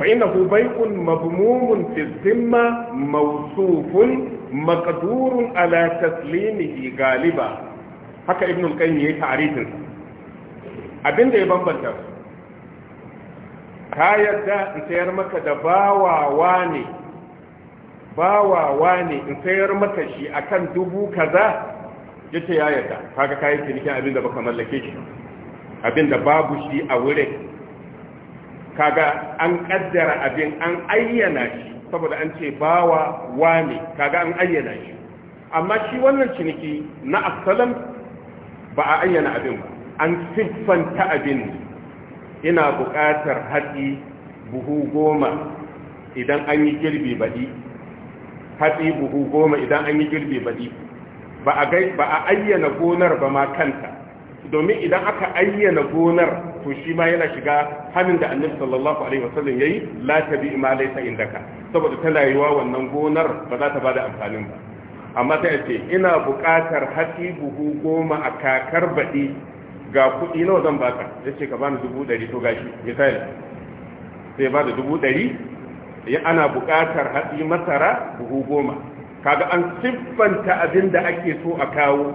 S1: fa innahu bai'un mabmumun fi zimma mawsufun maqdurun ala taslimihi galiba haka ibnul al-qayyim yayi ta'rifin abinda ya bambanta ka yadda in sayar maka da bawawa ne bawawa ne in sayar maka shi akan dubu kaza yace ya yadda kaga kayi cinikin abin da baka mallake shi abin da babu shi a wurin kaga an kaddara abin an ayyana shi saboda an ce bawa ne, kaga an ayyana shi amma shi wannan ciniki na asalan ba a ayyana abin ba an siffanta abin ne ina buƙatar hatsi buhu goma idan an yi girbi baɗi hatsi buhu goma idan an yi girbi baɗi ba a ayyana gonar ba ma kanta domin idan aka ayyana gonar to shi ma yana shiga hannun da annabi sallallahu alaihi wasallam yayi la tabi ma laysa indaka saboda ta yiwa wannan gonar ba za ta bada amfanin ba amma sai ce ina buƙatar hatsi buhu goma a kakar baɗi ga kuɗi nawa zan baka ya ce ka ba ni dubu ɗari to gashi misali sai ba da dubu ɗari ya ana buƙatar hatsi masara buhu goma kaga an siffanta abin da ake so a kawo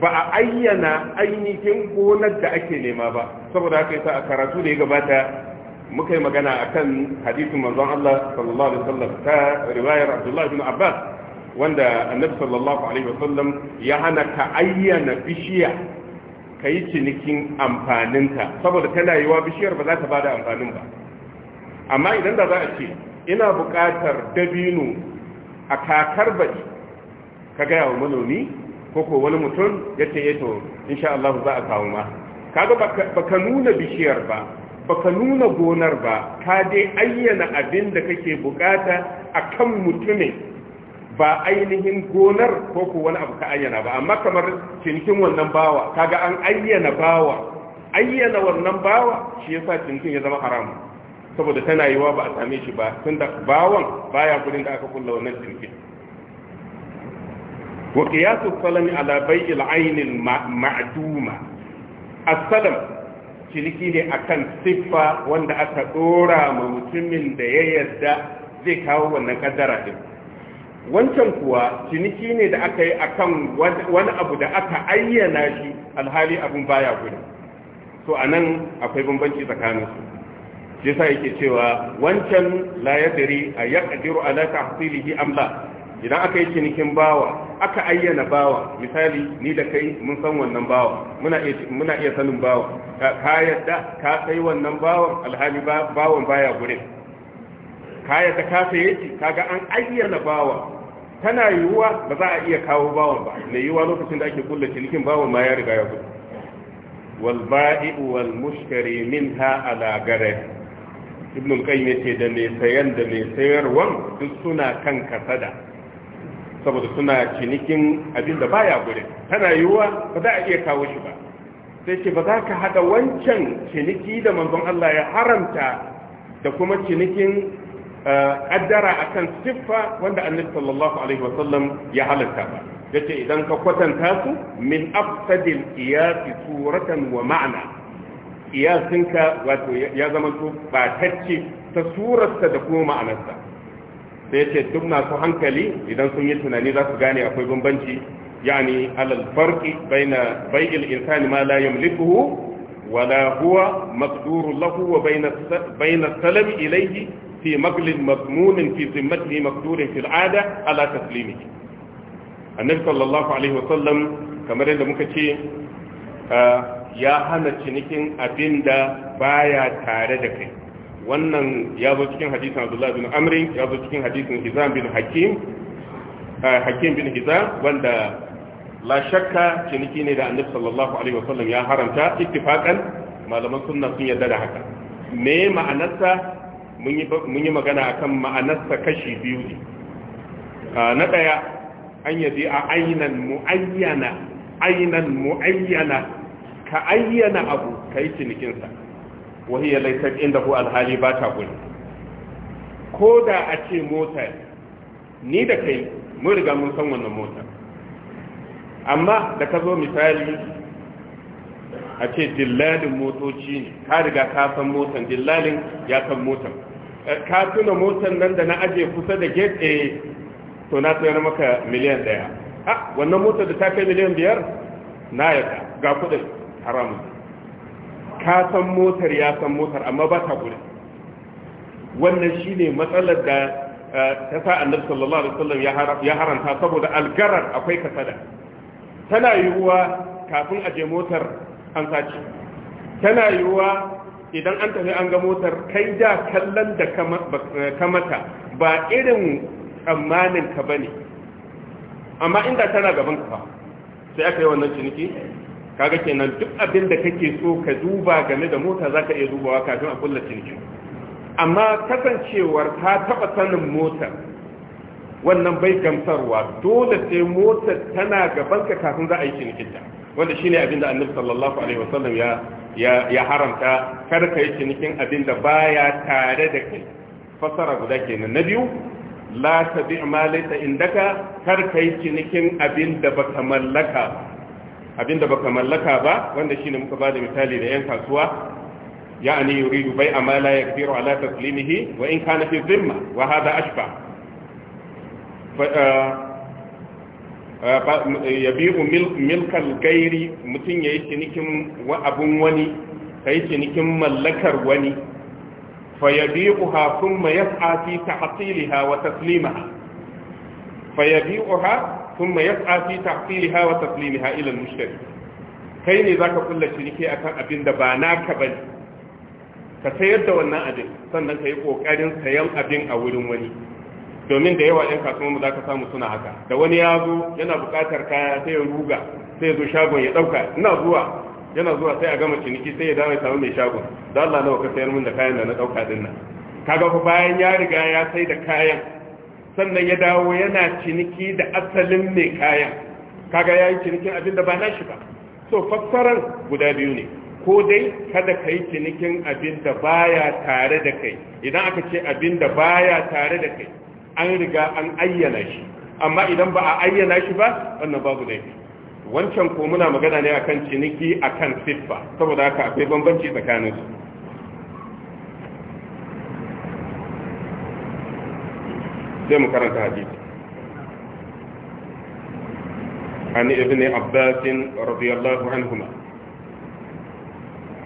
S1: ba a ayyana ainihin gonar da ake nema ba saboda haka yasa a karatu da ya gabata
S2: muka yi magana akan hadisin manzon Allah sallallahu alaihi wasallam ta riwayar Abdullah ibn Abbas wanda annabi sallallahu alaihi wasallam ya hana
S1: ka ayyana bishiya ka yi cinikin amfaninta saboda tana layuwa, bishiyar ba za ta ba da amfanin ba amma idan da za a ce ina buƙatar dabino a kakar baɗi ka gaya wa manomi ko ko wani mutum ya ce ya eh to insha Allah za a kawo ma kaga baka nuna bishiyar ba baka nuna gonar ba ka dai ayyana abin da kake bukata akan mutumin ba ainihin gonar ko ko wani abu ka ayyana ba amma kamar cinkin wannan bawa kaga an ayyana bawa ayyana wannan bawa shi yasa cinikin ya zama haramu saboda tana yiwa ba a same shi ba tunda bawan baya gurin da aka kulla wannan cinikin wa qiyasu salami ala bai'il ainin ma'duma as-salam ciniki ne akan siffa wanda aka dora ma mutumin da ya yarda zai kawo wannan kaddara din wancan kuwa ciniki ne da aka yi a kan wani abu da aka ayyana shi alhali abin baya gudu to a nan akwai bambanci tsakaninsu shi sa yake cewa wancan la a a yaqdiru ala tahsilihi an ba idan aka yi cinikin bawa aka ayyana bawa misali ni da kai mun san wannan bawa muna iya sanin bawa ka yadda ka sai wannan bawan alhali bawan baya gurin kaya ta kafa yake kaga an ayyana bawa tana yiwuwa ba za a iya kawo bawan ba mai yiwuwa lokacin da ake kulle cinikin bawan ma ya riga ya gudu wal ba'i'u wal mushtari minha ala gare ibn qayyim da mai sayan da mai sayarwan duk suna kan kasada saboda suna cinikin abin da baya gudu tana yiwuwa ba za a iya kawo shi ba sai ce ba za ka hada wancan ciniki da manzon Allah ya haramta da kuma cinikin Eh, a kan siffa wanda annabi sallallahu alaihi wasallam ya halatta ba yace idan ka kwatanta su min afsadil qiyas suratan wa ma'ana iyasinka wato ya zama to batacce ta surarsa da kuma ma'anarsa sai yace duk masu hankali idan sun yi tunani za su gane akwai bambanci yani alal farqi baina bai'il insani ma la yamlikuhu wala huwa maqduru lahu wa baina baina talab ilayhi fi maglin mazmunin fi zimmatihi makturin fil ada ala taslimihi annabi sallallahu alaihi wasallam kamar yadda muka ce ya hana cinikin abinda da baya tare da kai wannan ya zo cikin hadisin abdullahi bin amrin ya zo cikin hadisin hizam bin hakim bin hizam wanda la shakka ciniki ne da annabi sallallahu alaihi wasallam ya haramta ittifaqan malaman sunna sun yarda da haka me ma'anarsa mun yi magana kan ma'anarsa kashi biyu ne na ɗaya an yaji a ainan mu'ayyana ainan mu'ayyana ka ayyana abu ka yi cinikinsa ya laifar inda ku alhali ba ta guri ko da a ce mota ni da kai mun riga mun san wannan mota amma da ka zo misali a ce dillalin motoci ne ka riga ka san motan dillalin ya san motan eh, ka tuna motan nan da na aje kusa da gate a eh, to na sayar maka miliyan daya a wannan motar da ta kai miliyan biyar na ta ga kudin haramun ka san motar ya san motar amma ba ta gudu wannan shi ne matsalar da eh, ta sa annabi sallallahu alaihi wasallam ya haranta saboda algarar akwai kasada tana yiwuwa kafin aje motar an sace tana yiwuwa idan an tafi an ga motar kai da kallon da kamata ba irin tsammanin ka ba ne amma inda tana gaban ka sai aka yi wannan ciniki kaga kenan duk abin da kake so ka duba game da mota ka iya dubawa kafin a kulla ciniki amma kasancewar ta taba sanin motar wannan bai gamsarwa dole sai motar tana gaban ka kafin za a yi cinikinta wanda shine abin da annabi sallallahu alaihi wasallam ya ya haramta kar ka yi cinikin abin da baya tare da kai fasara guda kenan na biyu la tabi ma laysa indaka kar ka yi cinikin abin da baka mallaka abin da baka mallaka ba wanda shine muka bada misali da yan kasuwa يعني يريد بيع ما لا يقدر على تسليمه وإن fi في الذمة وهذا أشبه ya bi'u milkal gairi mutum ya yi cinikin abin wani ka yi cinikin mallakar wani fa ya bi'u ha kuma ya fi ta'atiliha wa taslimaha fa ya bi'u ha kuma ya fi ta'atiliha wa taslimaha ilan mushtari kai ne za ka kulla ciniki kan abin da ba naka ba ne ka sayar da wannan abin sannan ka yi ƙoƙarin sayan abin a wurin wani domin da yawa yan kasuwan mu za ka samu suna haka da wani ya zo yana buƙatar kaya sai ya ruga sai ya zo shagon ya ɗauka. ina zuwa yana zuwa sai a gama ciniki sai ya dawo ya samu mai shagon da Allah nawa ka sayar min da kayan da na ɗauka din nan kaga fa bayan ya riga ya sai da kayan sannan ya dawo yana ciniki da asalin mai kayan kaga ya yi cinikin abin da ba shi ba so fassarar guda biyu ne ko dai kada ka yi cinikin abin da baya tare da kai idan aka ce abin da baya tare da kai an riga an ayyana shi amma idan ba a ayyana shi ba wannan babu laifi wancan ko muna magana ne akan ciniki akan siffa saboda haka akwai bambanci tsakanin su sai mu karanta hadisi عن ابن عباس رضي الله عنهما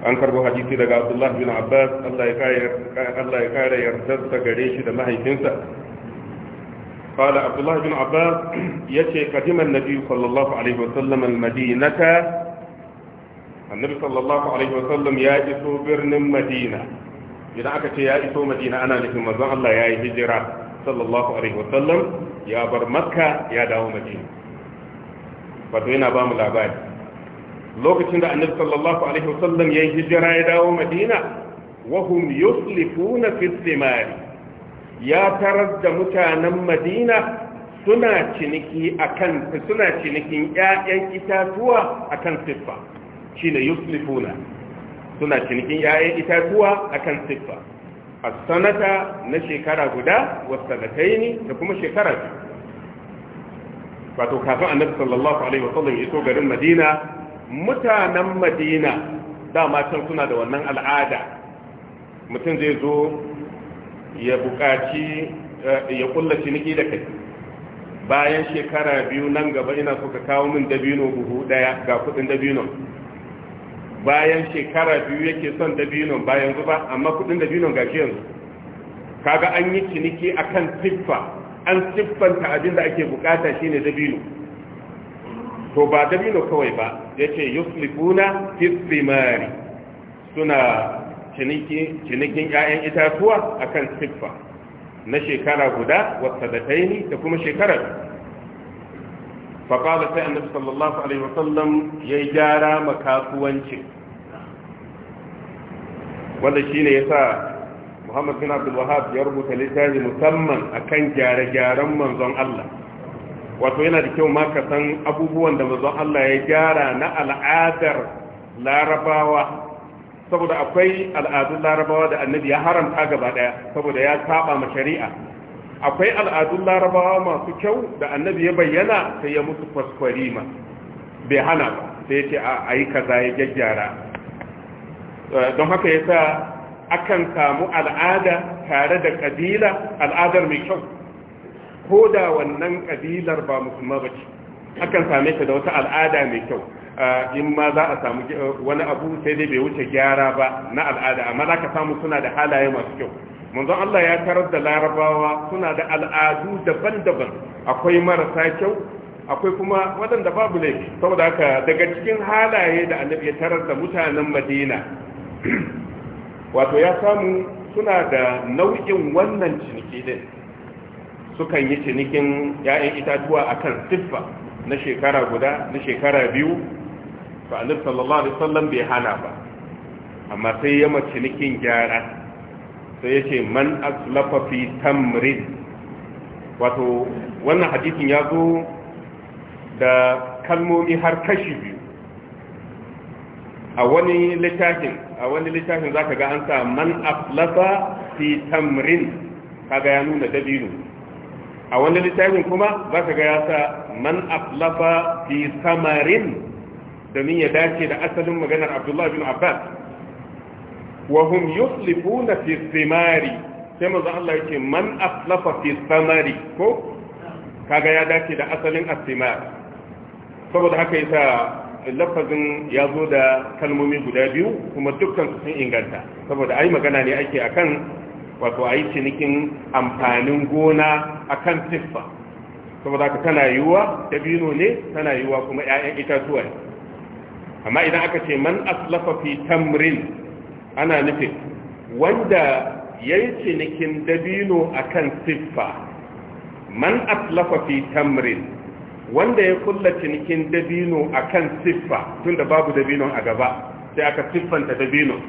S1: an karbo hadisi daga abdullahi bin abbas allah ya kare yardarsa gare shi da mahaifinsa قال عبد الله بن عباس يتي قدم النبي صلى الله عليه وسلم المدينة النبي صلى الله عليه وسلم يا إسو برن مدينة إذا أكت يا إسو مدينة أنا لكم مزان الله يا هجرة صلى الله عليه وسلم يا بر مكة يا داو مدينة فتوين أبام العباد لوكتين النبي صلى الله عليه وسلم يا هجرة يا داو مدينة وهم يصلفون في الثمار ya tarar da mutanen madina suna ciniki a kan, suna cinikin ƴaƴan itatuwa a kan siffa ne yuslifuna suna cinikin ƴaƴan itatuwa a kan siffa a sanata na shekara guda wasu da da kuma shekara wato kafin annabi sallallahu alaihi wasallam ya so garin madina mutanen madina dama can suna da wannan al'ada mutum zai zo ya buƙaci eh, ya kulla ciniki da kai bayan shekara biyu nan gaba ina so kawo min dabino buhu daya ga kudin dabino bayan shekara biyu yake son dabino bayan zuba amma kudin dabino ga shi yanzu kaga an yi ciniki akan siffa an siffanta abin da ake bukata shine dabino to ba dabino kawai ba yace yuslifuna fi thimari suna cinikin 'ya'yan itatuwa akan siffa na shekara guda wata da taini da kuma shekarar faƙaɗa sai annabi sallallahu alaihi wasallam ya yi gyara makasuwanci wanda shi ne ya sa muhammad bin Abdulwahab ya rubuta littafi musamman akan gyare-gyaren manzon allah wato yana da kyau ma ka san abubuwan da manzon allah ya gyara na al'adar larabawa saboda akwai al'adun larabawa da annabi ya haramta gaba daya saboda ya saba ma shari'a akwai al'adun larabawa masu kyau da annabi ya bayyana sai ya musu ma. bai hana ba sai ya ce a yi kaza ya gyaggyara eh, don haka ya sa akan samu al'ada tare da ƙabila al'adar mai kyau ko da wannan ƙabilar ba musulma ba ce akan same ta da wata al'ada mai kyau in ma za a samu wani abu sai dai bai wuce gyara ba na al'ada amma za ka samu suna da halaye masu kyau manzon Allah ya tarar da larabawa suna da al'adu daban-daban akwai marasa kyau akwai kuma waɗanda babu laifi saboda haka daga cikin halaye da annabi ya tarar da mutanen madina wato ya samu suna da nau'in wannan ciniki din sukan yi cinikin 'ya'yan itatuwa akan siffa na shekara guda na shekara biyu to annabi sallallahu alaihi wasallam bai hana ba amma sai ya mace nikin gyara sai ya ce man aslafa fi tamrin wato wannan hadisin ya zo da kalmomi har kashi biyu a wani littafin a wani littafin zaka ga an sa man aslafa fi tamrin kaga ya nuna dabino a wani littafin kuma zaka ga ya sa man aslafa fi samarin domin ya dace da asalin maganar Abdullahi bin abbas wahum hum yuflifuna fi thimari sai manzo Allah yake man aflafa fi ko kaga ya dace da asalin athimar saboda haka yasa lafazin ya zo da kalmomi guda biyu kuma dukkan su sun inganta saboda ai magana ne ake akan wato ai cinikin amfanin gona akan siffa saboda haka tana yiwuwa dabino ne tana yiwuwa kuma 'ya'yan itatuwa ne amma idan aka ce man aslafa fi tamrin ana nufin wanda ya yi cinikin dabino akan siffa man aslafa fi tamrin wanda ya kulla cinikin dabino akan siffa tunda babu dabino a gaba sai aka siffanta dabino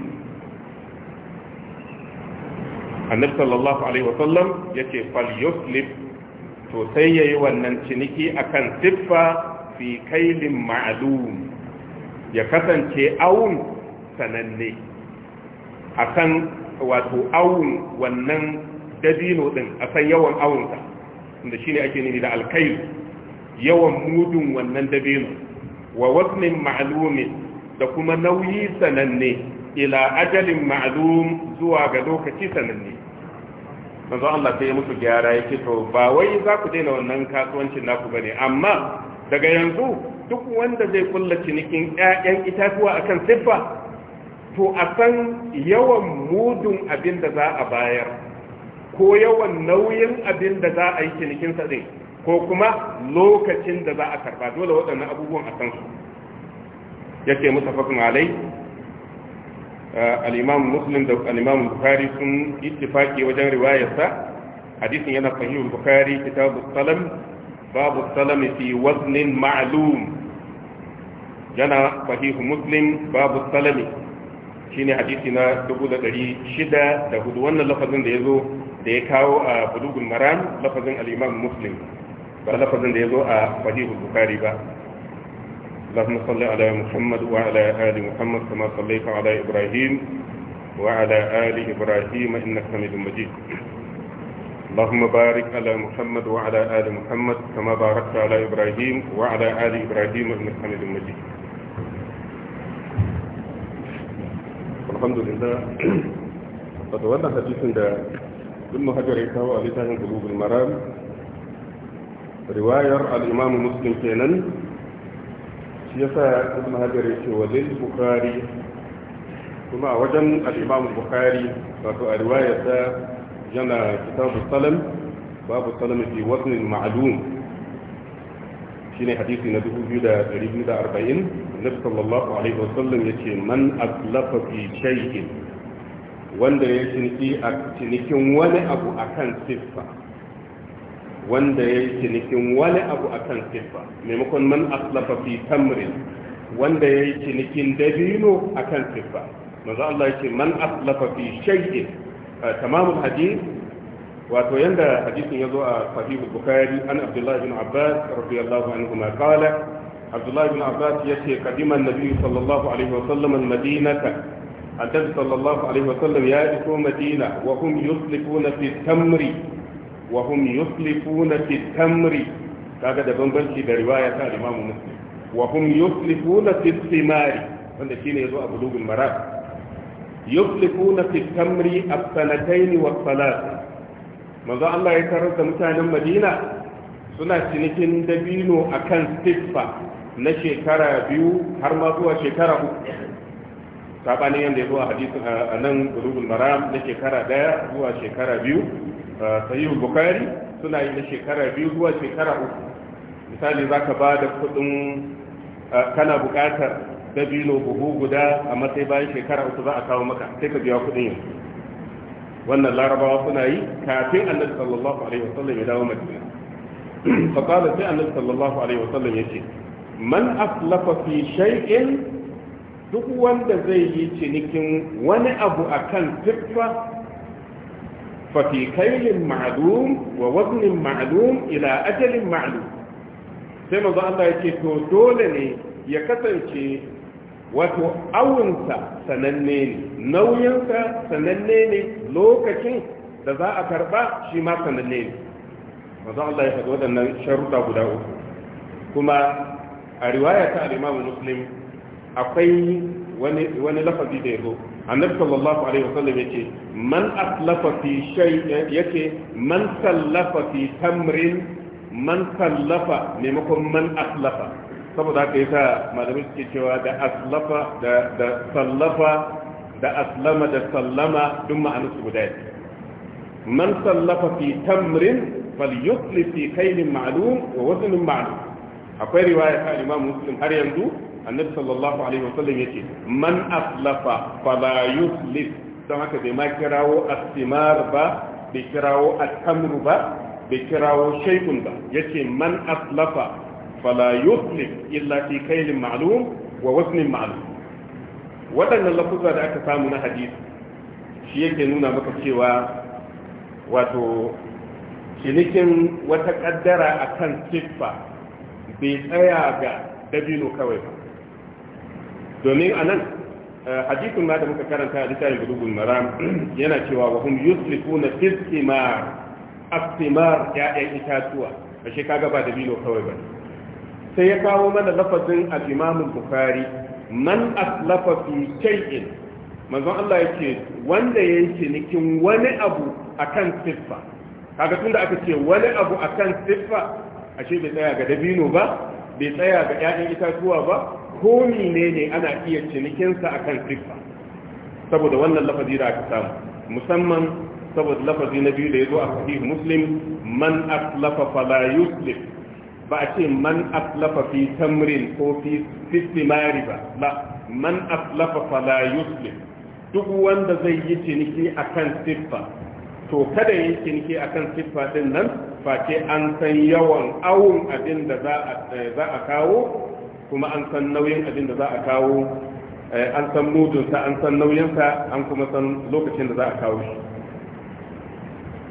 S1: annabi sallallahu alaihi wa sallam ce fal yuslif to sai ya yi wannan ciniki akan siffa fi kailin ma'alum ya kasance awun sananne a kan wato awun wannan dabino din a san yawan awunsa inda shi ne ake nini da alkailu yawan mudun wannan dabino wa wasnin ma'alumin da kuma nauyi sananne ila ajalin ma'alum zuwa ga lokaci sananne manzo Allah sai ya mutu gyara yake to ba wai za ku daina wannan kasuwancin naku ba ne, amma daga yanzu duk wanda zai kulla cinikin ƴaƴan itatuwa akan siffa to a san yawan mudun abin da za a bayar ko yawan nauyin abin da za a yi cinikin sa din ko kuma lokacin da za a karba dole waɗannan abubuwan a san su yake mutafakun alai al-imam muslim da al-imam bukhari sun ittifaki wajen riwayarsa hadisin yana sahihul bukhari kitabu salam babu salami fi waznin ma'lum جنا صحيح مسلم باب السلم شيني حديثنا دبولة دري شدة دهدوان لفظن ديزو ديكاو بلوغ المرام لفظن الإمام مسلم بل لفظن ديزو صحيح البخاري با اللهم صل على محمد وعلى آل محمد كما صليت على إبراهيم وعلى آل إبراهيم إنك حميد مجيد اللهم بارك على محمد وعلى آل محمد كما باركت على إبراهيم وعلى آل إبراهيم إنك حميد مجيد alhamdulillah wato wannan hadisin da ibn hajar ya kawo a littafin qulubul maram riwayar al-imam muslim kenan shi yasa ibn hajar ya ce walil bukhari kuma a wajen al-imam bukhari wato a riwayar sa yana kitabu salam babu salam fi wasnin ma'lum shine hadisi na 2240 annabi sallallahu alaihi wasallam yace man aslafa fi shay'in wanda ya ciniki a cinikin wani abu akan siffa wanda ya cinikin wani abu akan siffa maimakon man aslafa fi tamrin wanda ya cinikin dabino akan siffa manzo Allah yace man aslafa fi shay'in tamamul hadith wato yanda hadisin ya zo a sahihu bukari an abdullahi bin abbas radiyallahu anhu ma qala abdullahi bin abbas yace kadima annabi sallallahu alaihi wasallam almadinata annabi sallallahu alaihi wasallam ya iso madina wa hum yuslifuna fi tamri wa hum yuslifuna fi tamri kaga da bambanci da riwaya ta imam muslim wa hum yuslifuna fi thimari wanda shine yazo a bulugul maram yuslifuna fi tamri as-sanatayn was-salasa manzo Allah ya tarar da mutanen Madina suna cinikin dabino akan siffa na shekara biyu har ma zuwa shekara uku sabanin yadda ya zuwa a hadisin a nan gurubul maram na shekara daya zuwa shekara biyu sahihul bukhari suna yi na shekara biyu zuwa shekara uku misali zaka ba da kudin kana buƙatar dabino buhu guda a matsayi bayan shekara uku za a kawo maka sai ka biya kudin yanzu wannan larabawa suna yi kafin annabi sallallahu alaihi wasallam ya dawo madina fa qala sai annabi sallallahu alaihi wasallam ce man aslafa fi shay'in duk wanda zai yi cinikin wani abu akan tiffa ففي كيل معلوم ووزن معلوم إلى أجل معلوم sai manzo Allah yake to dole ne ya kasance wato awunsa sananne ne nauyinsa sananne ne lokacin da za a karba shi ma sananne ne maza Allah ya faɗi waɗannan sharuɗa guda uku kuma a riwaya ta al Muslim akwai wani wani lafazi da yazo annabi sallallahu alaihi wasallam yace man aslafa fi shay yace man sallafa fi tamrin man sallafa maimakon man aslafa saboda yi sa, malamai suke cewa da aslafa da da sallafa da aslama da sallama duk ma'anar su guda ne man sallafa fi tamrin falyusli fi kainin ma'lum wa waznin ma'lum akwai riwaya ta Imam Muslim har yanzu Annabi sallallahu alaihi wasallam yace man aslafa fala yusli don haka bai ma kirawo astimar ba bai kirawo at-tamru ba bai kirawo shaykun ba yace man aslafa fala yuflih illa fi kailin ma'lum wa waznin ma'lum waɗannan lafuzza da aka samu na hadisi shi yake nuna maka cewa wato kinikin wata kaddara akan siffa bai tsaya ga dabino kawai ba domin a nan eh, hadisin ma da muka karanta a littafin bulugul maram yana cewa wa hum na fi istimar istimar ya'yan itatuwa ashe kaga ba dabino kawai ba sai ya kawo mana lafazin al-Imam Bukhari man aslafa fi shay'in manzon Allah yake wanda yi cinikin wani abu akan siffa kaga tunda aka ce wani abu akan siffa ashe bai tsaya ga dabino ba bai tsaya ga ƴaƴan itatuwa ba ko ne ne ana iya cinikinsa akan siffa saboda wannan lafazi da aka samu musamman saboda lafazi na biyu da ya zo a sahih muslim man aslafa fala yuslif ba a ce man aslafa fi tamrin ko fi fistimari ba ba man aslafa fala yuslim duk wanda zai yi ciniki akan siffa to kada yi ciniki akan siffa din nan ce an san yawan awun abin da eh, za a kawo kuma an san nauyin abin da za a kawo eh, an san mudunsa an san nauyinsa an kuma san lokacin da za a kawo shi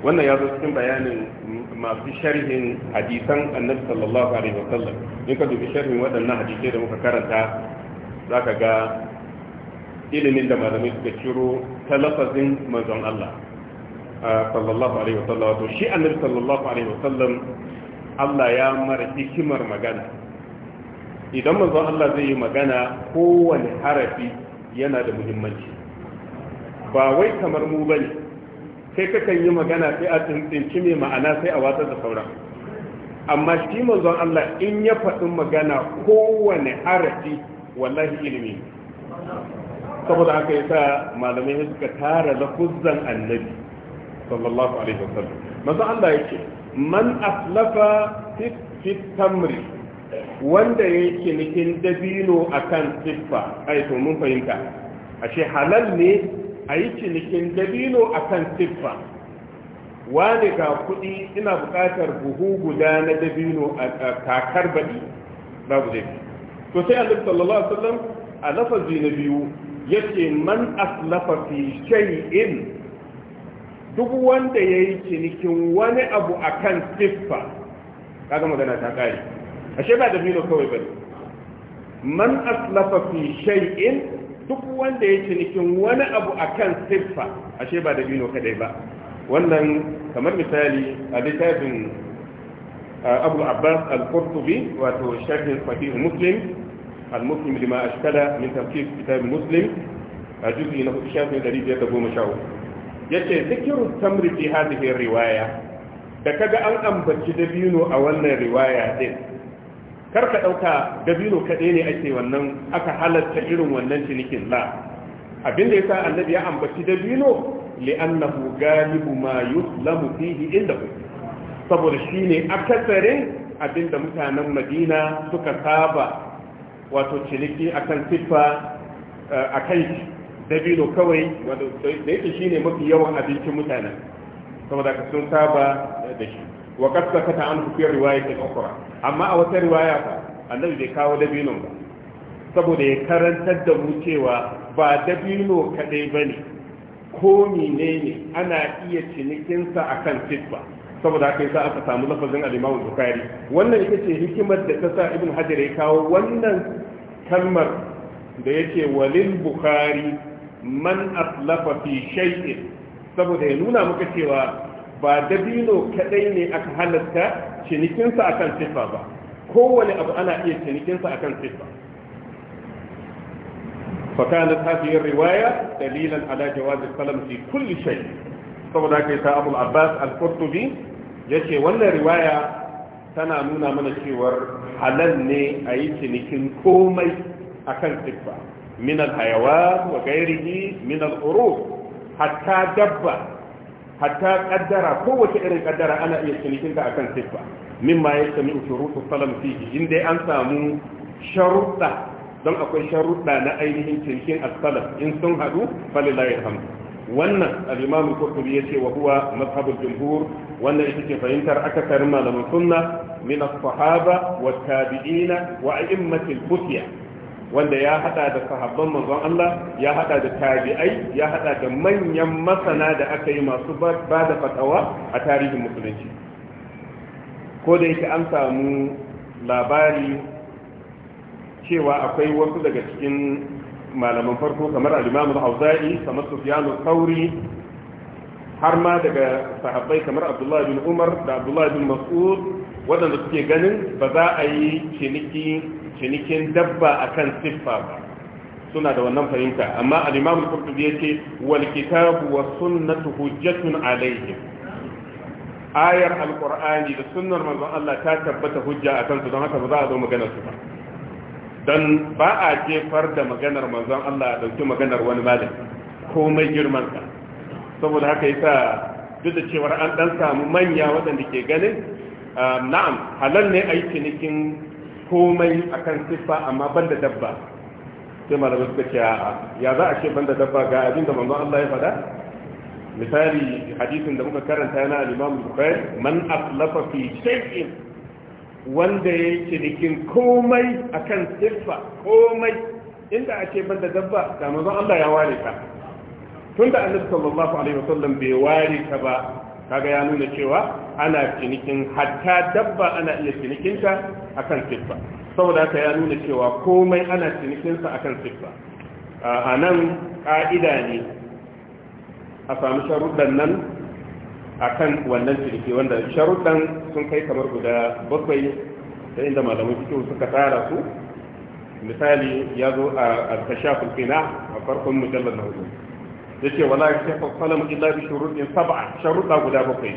S1: wannan ya zo cikin bayanin masu sharhin hadisan annabi sallallahu alaihi wasallam in ka dubi sharhin waɗannan hadisai da muka karanta za ka ga ilimin da malamai suka ciro ta lafazin manzon Allah sallallahu alaihi wa wasallam wato shi annabi sallallahu alaihi wa sallam Allah ya mara hikimar magana idan manzon Allah zai yi magana kowane harafi yana da muhimmanci ba wai kamar mu bane kai kakan yi magana sai a tsintsinci mai ma'ana sai a watsar da sauran amma shi manzon Allah in ya faɗi magana kowane harafi wallahi ilimi saboda haka sa, malamai suka tara lafuzzan annabi sallallahu alaihi wasallam manzon Allah yake man Aslafa fi tamri wanda ya nikin dabino akan siffa ai to mun fahimta ashe halal ne a yi cinikin dabino a kan siffa wani ga kuɗi ina buƙatar buhu guda na dabino a kakar baɗi babu laifi to sai annabi sallallahu alaihi wasallam a lafazi na biyu yace man aslafa fi shay'in duk wanda yayi cinikin wani abu akan siffa kaga magana ta kare ashe ba dabino kawai bane man aslafa fi shay'in duk wanda ya cinikin wani abu akan siffa ashe ba da bino kadai ba wannan kamar misali a littafin eh, abu abbas al-qurtubi wato sharhin sahih muslim al-muslim lima ashkala min tafsir kitab muslim a juzi na shafin 513 yace zikiru tamri fi hadhihi riwaya da kaga an ambaci dabino a wannan riwaya din kar ka ɗauka dabino kaɗai ne ake wannan aka halarta irin wannan cinikin la abin da yasa annabi ya ambaci dabino li'annahu galibu ma yuslamu fihi ku. saboda shine akasarin abin da mutanen madina suka saba wato ciniki akan siffa eh, akan dabino kawai wanda da yake shine mafi yawan abincin mutanen saboda ka sun saba da shi wa qad sakata an fi riwayatin ukhra amma a wata riwaya fa annabi bai kawo dabinon ba saboda ya karantar da mu ba dabino kadai bane ko menene ana iya cinikinsa a kan fitba saboda haka yasa aka samu lafazin al-Imam Bukhari wannan ita ce hikimar da ta sa Ibn Hajar ya kawo wannan kalmar da yake walil Bukhari man aslafa fi shay'in saboda ya nuna maka cewa ba dabino kadai ne aka halatta cinikinsa kan siffa ba kowane abu ana iya cinikinsa akan siffa فكانت هذه الرواية دليلا على جواز القلم في kulli shai, saboda kai ta abul abbas al-qurtubi yace wannan riwaya tana nuna mana cewar halal ne a yi cinikin komai akan siffa min hayawa, hayawan wa oro, hatta dabba hatta kaddara kowace irin kaddara ana iya cinikinta akan siffa mimma ya sami shurutu salam fihi in dai an samu sharuɗa don akwai sharuɗa na ainihin cinikin as in sun hadu falilahi alhamdu wannan al-imam ya yace wa huwa mazhabul jumhur wannan ita ce fahimtar akasarin malaman sunna min as-sahaba wa tabi'ina wa a'immatil wanda ya hada da sahabban manzon Allah ya hada da tabi'ai ya hada da manyan masana da aka yi masu ba da fatawa a tarihin musulunci ko da yake an samu labari cewa akwai wasu daga cikin malaman farko kamar al-Imam al-Auza'i kamar Sufyan al har ma daga sahabbai kamar Abdullah bin Umar da Abdullah bin Mas'ud waɗanda suke ganin ba za a yi ciniki cinikin dabba akan siffa ba suna da wannan fahimta amma al-imam al-qurtubi yace wa sunnatu hujjatun alaihim ayar al da sunnar manzon Allah ta tabbata hujja akan su don haka ba za a zo magana su ba dan ba a jefar da maganar manzon Allah dauki maganar wani malami komai girman ka saboda haka yasa duk da cewa an dan samu manya waɗanda ke ganin um, na'am halal ne a cinikin komai akan siffa amma banda dabba sai malamai suka ce a'a ya za a ce banda dabba ga abin da manzon Allah ya faɗa misali hadisin da muka karanta yana al-Imam Bukhari man aflafa fi shay'in wanda ya cinikin komai akan siffa komai inda a ce banda dabba da manzon Allah ya ware ka tunda Annabi sallallahu alaihi wasallam bai ware ka ba kaga ya nuna cewa ana cinikin hatta dabba ana iya cinikinta akan siffa saboda haka ya nuna cewa komai ana cinikinsa akan siffa a nan ƙa'ida ne a samu sharuɗan nan akan wannan ciniki wanda sharuɗan sun kai kamar guda bakwai da inda malamin fito suka tsara su misali ya zo a tashafin fina a farkon mujallar na hudu ya ce wala ya shafa kwalam illa bi shuruɗin saba sharuɗa guda bakwai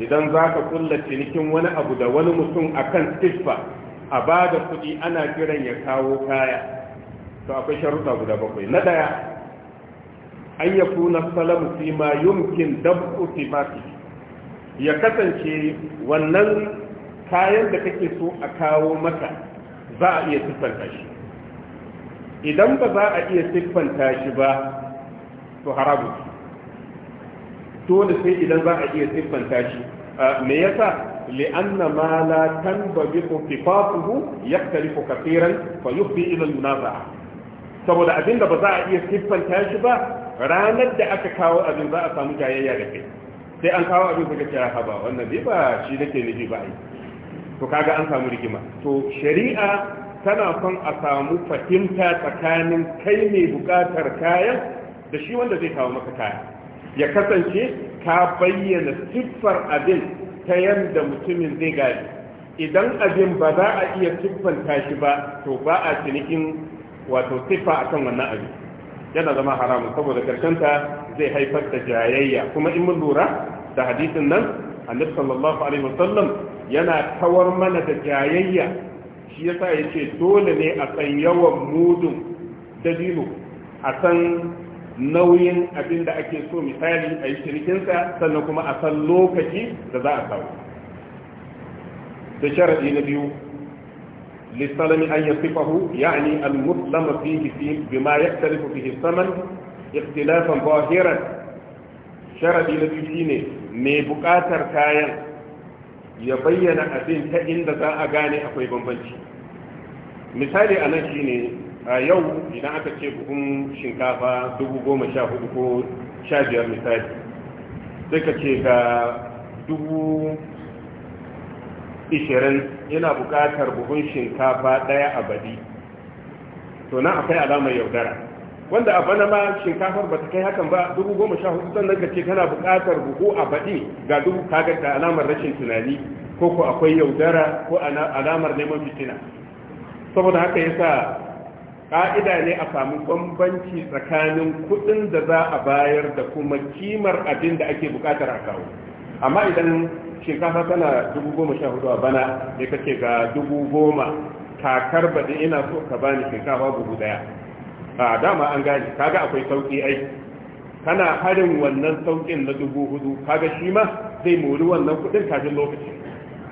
S1: idan za ka kulla cinikin wani abu da wani mutum a kan siffa a ba da kuɗi ana kiran ya kawo kaya to akwai sharuɗa guda bakwai na ɗaya an ya kuna salamu fi ma yumkin dab'u fi ya kasance wannan kayan da kake so a kawo maka za a iya siffanta shi idan ba za a iya siffanta shi ba to harabu dole sai idan za a iya siffanta shi me yasa لأن ما لا تنبغي صفاته يختلف كثيرا فيفضي إلى المنازعة saboda abin da ba za a iya siffanta shi ba ranar da aka kawo abin za a samu jayayya da kai sai an kawo abin suka ce haba wannan bai ba shi nake nufi ba ai to kaga an samu rigima to shari'a tana son a samu fahimta tsakanin kai mai bukatar kayan da shi wanda zai kawo maka kaya ya kasance ka bayyana siffar abin ta yadda mutumin zai gaji. idan abin ba za a iya siffanta shi ba to ba a cinikin wato siffa akan wannan abin yana zama haramun saboda karkanta zai haifar da jayayya kuma in mun lura da hadisin nan annabi sallallahu alaihi wasallam yana kawar mana da jayayya shi yasa yace dole ne a san yawan mudun dabino a san nauyin abin da ake so misali a yi shirikinsa. sannan kuma a san lokaci da za a samu da sharaɗi na biyu lissalami an yi sifahu ya'ani al-muslama fihi fi bima yaktarifu fihi saman ikhtilafan zahiran sharaɗi na biyu shine mai buƙatar kayan ya bayyana abin ta inda za a gane akwai bambanci misali a nan shine a yau idan aka ce buhun shinkafa dubu goma sha hudu ko sha biyar misali sai ka ce ga dubu ishirin yana buƙatar buhun shinkafa ɗaya a badi to na akwai alamar yaudara wanda a bana ma shinkafar ba ta kai hakan ba dubu goma sha hudu sannan ka ce kana buƙatar buhu a badi ga dubu kaga da alamar rashin tunani ko ko akwai yaudara ko alamar neman fitina saboda haka yasa ka'ida ne a samu bambanci tsakanin kuɗin da za a bayar da kuma kimar abin da ake buƙatar a kawo amma idan shinkafa tana dubu goma sha hudu a bana ne kake ga dubu goma kakar baɗi ina so ka bani shinkafa buhu ɗaya a dama an gane kaga akwai sauƙi ai kana harin wannan sauƙin na dubu hudu kaga shi ma zai mori wannan kuɗin kafin lokaci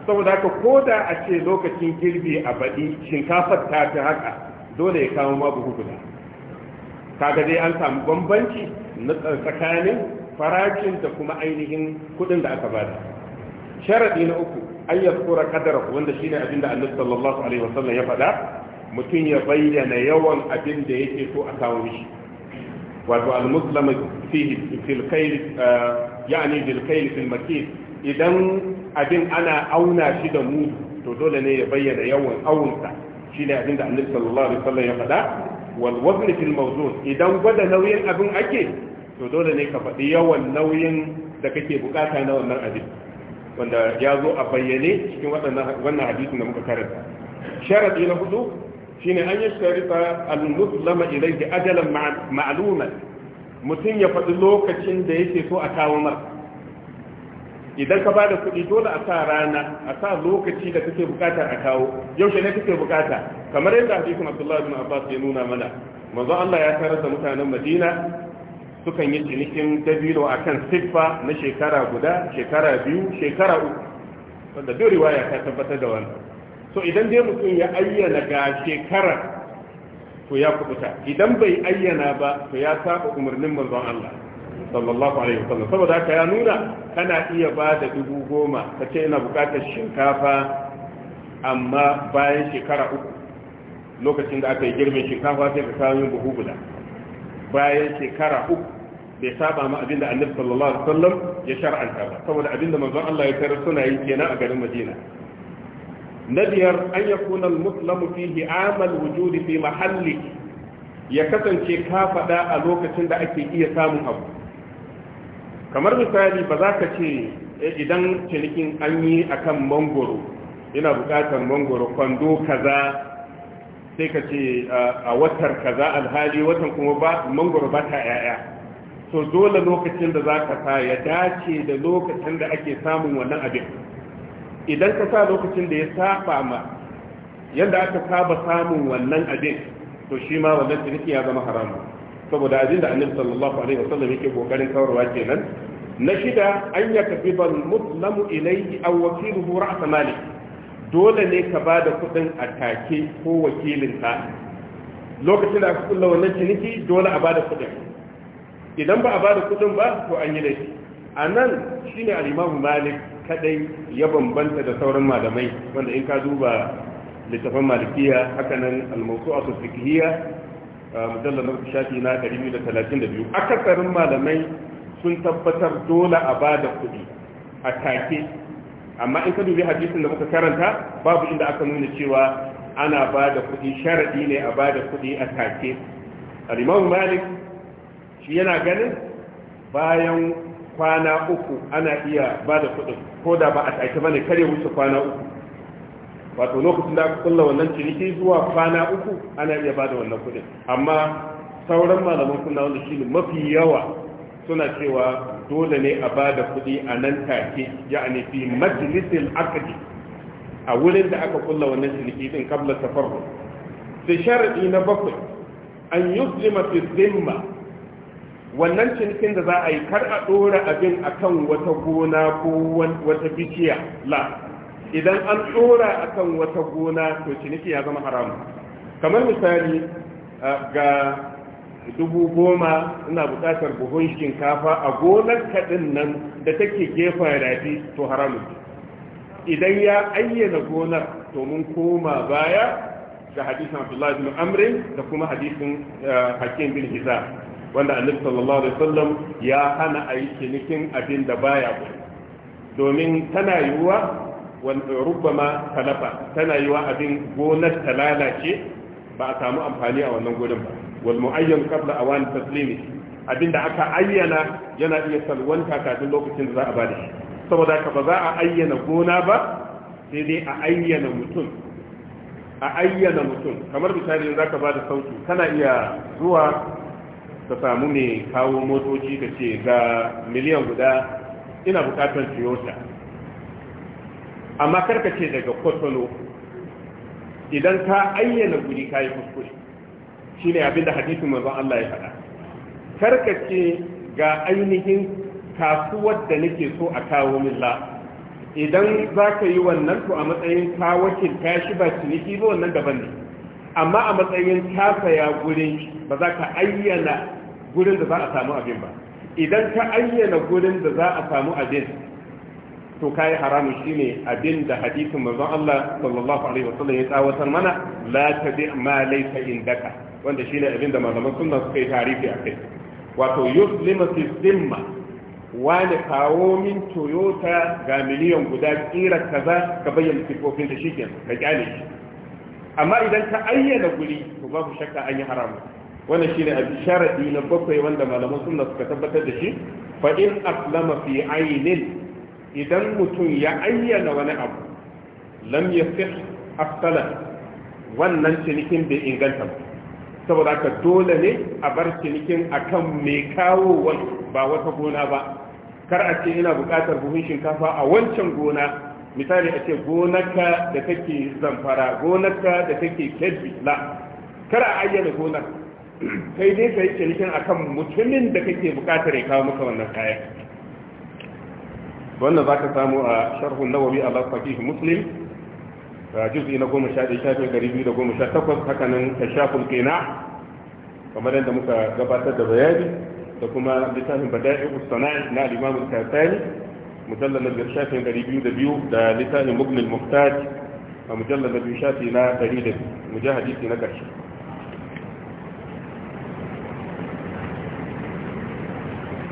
S1: saboda haka ko da a ce lokacin girbi a baɗi shinkafar ta fi haka dole ya kawo mabu buhu guda kaga dai an samu bambanci na tsakanin farashin da kuma ainihin kudin da aka da. sharadi na uku an yaskura kadara wanda shine abinda annabi sallallahu alaihi wasallam ya faɗa mutum ya bayyana yawan abin da yake so a kawo mishi wato al-muslim fihi fil kayl eh, yani bil kayl fil idan abin ana auna shi da mu to dole ne ya bayyana yawan aunsa shine abin da annabi sallallahu alaihi wasallam ya faɗa wal wazn fil mawzun idan gwada nauyin abin ake to dole ne ka faɗi yawan nauyin da kake bukata na wannan abin wanda ya zo a bayyane cikin wannan hadisin da muka karanta sharadi na hudu shine an yi sharita al-muslama ilayhi ajalan ma'luman mutum ya faɗi lokacin da yake so a kawo masa idan ka bada kuɗi dole a sa rana a sa lokaci da kake bukatar a kawo yaushe ne kake bukata kamar yadda hadisin Abdullahi bin Abbas ya nuna mana manzo Allah ya tarar da mutanen Madina sukan yi cinikin dabino akan siffa na shekara guda shekara biyu shekara uku wanda duk riwaya ta tabbatar da wannan so idan dai mutum ya ayyana ga shekara to ya kubuta idan bai ayyana ba to ya saba umarnin manzon Allah sallallahu alaihi wasallam saboda haka ya nuna kana iya ba da dubu goma ka ce ina bukatar shinkafa amma bayan shekara uku lokacin da aka yi girmin shinkafa sai ka kawo yin buhu guda bayan shekara uku bai saba ma abinda annabi sallallahu alaihi wasallam ya shar'anta ba saboda abinda manzon Allah ya tarar suna yi kenan a garin Madina na biyar an yakuna al-muslamu fihi amal wujudi fi mahalli ya kasance ka faɗa a lokacin da ake iya samun abu kamar misali ba za ka ce eh, idan cinikin an yi a kan mangoro yana bukatar mangoro kwando kaza sai ka ce a watar kaza alhali watan kuma ba mangoro ba ta yaya to dole lokacin da za ka sa ya dace da lokacin da ake samun wannan abin idan ka sa lokacin da ya saba ma yadda aka saba samun wannan abin to shi ma wannan ciniki ya zama haramun saboda abinda annabi sallallahu alaihi wasallam yake kokarin kawarwa kenan na shida an ya kafi ban mutlamu ilayhi aw wakiluhu ra'sa mali dole ne ka bada kudin atake ko wakilin ka lokacin da aka kulla wannan ciniki dole a bada kudin idan ba a bada kudin ba to an yi laifi anan shine al-imamu malik kadai ya bambanta da sauran malamai wanda in ka duba littafin malikiya hakanan al-mawsu'atu fiqhiyya mujallar na shafi na 232 akasarin malamai sun tabbatar dole a ba da kuɗi a take amma in ka dubi hadisin da muka karanta babu inda aka nuna cewa ana ba da kuɗi sharaɗi ne a ba da kuɗi a take alimamu malik shi yana ganin bayan kwana uku ana iya ba da kuɗin ko da ba a take bane kare wuce kwana uku wato lokacin da aka kulla wannan ciniki zuwa kwana uku ana iya bada wannan kuɗin amma sauran malaman suna wanda shi mafi yawa suna cewa dole ne a bada kuɗi a nan take ya'ani fi majlisil aqdi a wurin da aka kulla wannan ciniki din kabla tafarru sai sharadi na bakwai an yuslima fi zimma wannan cinikin da za a yi kar a dora abin akan wata gona ko wata bishiya la idan an tsora akan wata gona to ciniki ya zama haramu kamar misali ga dubu goma ina buƙatar buhun shinkafa a gonar kaɗin nan da take gefen rafi to haramun idan ya ayyana gonar to mun koma baya ga hadisin abdullahi bin amri da kuma hadisin hakim bin hiza wanda annabi sallallahu alaihi wasallam ya hana a yi cinikin abin da baya domin tana yiwuwa rubbama talafa tana yi wa abin gonar ta lalace ba a samu amfani a wannan gonar ba wal mu'ayyan qabla awan taslimi abinda aka ayyana yana iya salwanta kafin lokacin da za a bada shi saboda ka ba za a ayyana gona ba sai dai a ayyana mutum a ayyana mutum kamar misali za ka bada sautu kana iya zuwa ka samu mai kawo motoci ka ce ga miliyan guda ina bukatar toyota amma karka ce daga kwatsalo idan ka ayyana guri ka yi kuskure shi ne abin da hadisun mazan Allah ya faɗa karka ce ga ainihin kasuwar da nake so a kawo min la idan za ka yi wannan to a matsayin ka wakilta shi ba ciniki ba wannan daban ne amma a matsayin ka saya gurin ba za ka ayyana gurin da za a samu abin ba idan ka ayyana gurin da za a samu abin to kai haramun shine abin da hadisin manzon Allah sallallahu alaihi wasallam ya tsawatar mana la tabi ma laysa indaka wanda shine abin da malaman sunna suka yi tarifi kai. wato yuslima fi zimma wani kawo min toyota ga miliyan guda kira kaza ka bayyana sifofin da shi ka kyale shi amma idan ka ayyana guri to babu shakka an yi haramun wannan shine a sharadi na bakwai wanda malaman sunna suka tabbatar da shi fa in aslama fi ainin idan mutum ya ayyana wani abu lam fi afsalan wannan cinikin bai inganta ba saboda ka dole ne a bar cinikin akan mai kawo wani ba wata gona ba kar a ce ina buƙatar buhun shinkafa a wancan gona misali a ce gonaka da take zamfara gonaka da take kebbi la kar a ayyana gonar kai dai ka yi cinikin akan mutumin da kake bukatar ya kawo maka wannan kayan بن ذاك سامو آه، شرح النووي على فقيه مسلم آه، جزء إلى قوم الشافعي الشافعي قريب إلى قوم الشافعي تقف حكنا كشاف القناع كما لأن دمك قبات الدبيان تقوم لسان بدائع الصناع نا الإمام الكاتاني مجلل الشافعي قريب إلى بيو دا لسان مبن المحتاج ومجلل الشافعي نا قريب مجاهدي في نقش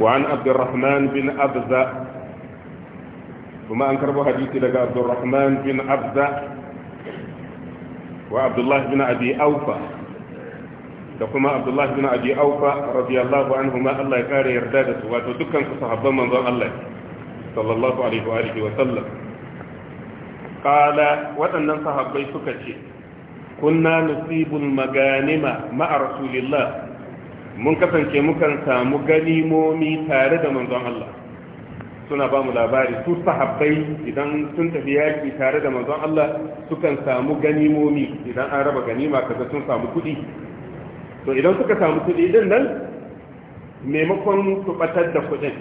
S1: وعن عبد الرحمن بن أبزة kuma an karbo hadisi daga abdurrahman bin abda wa abdullahi bin abi aufa da kuma abdullahi bin abi aufa radiyallahu anhu ma Allah ya kare yarda da su wato dukkan sahabban manzon Allah sallallahu alaihi wa alihi wa sallam qala waɗannan sahabbai suka ce kunna nusibul maganima ma'a rasulillah mun kasance mukan samu ganimomi tare da manzon Allah suna ba mu labari su sahabbai idan sun tafi yaki tare da manzon Allah sukan samu ganimomi idan an raba ganima kaga sun samu kuɗi to idan suka samu kuɗi din nan maimakon su batar da kuɗin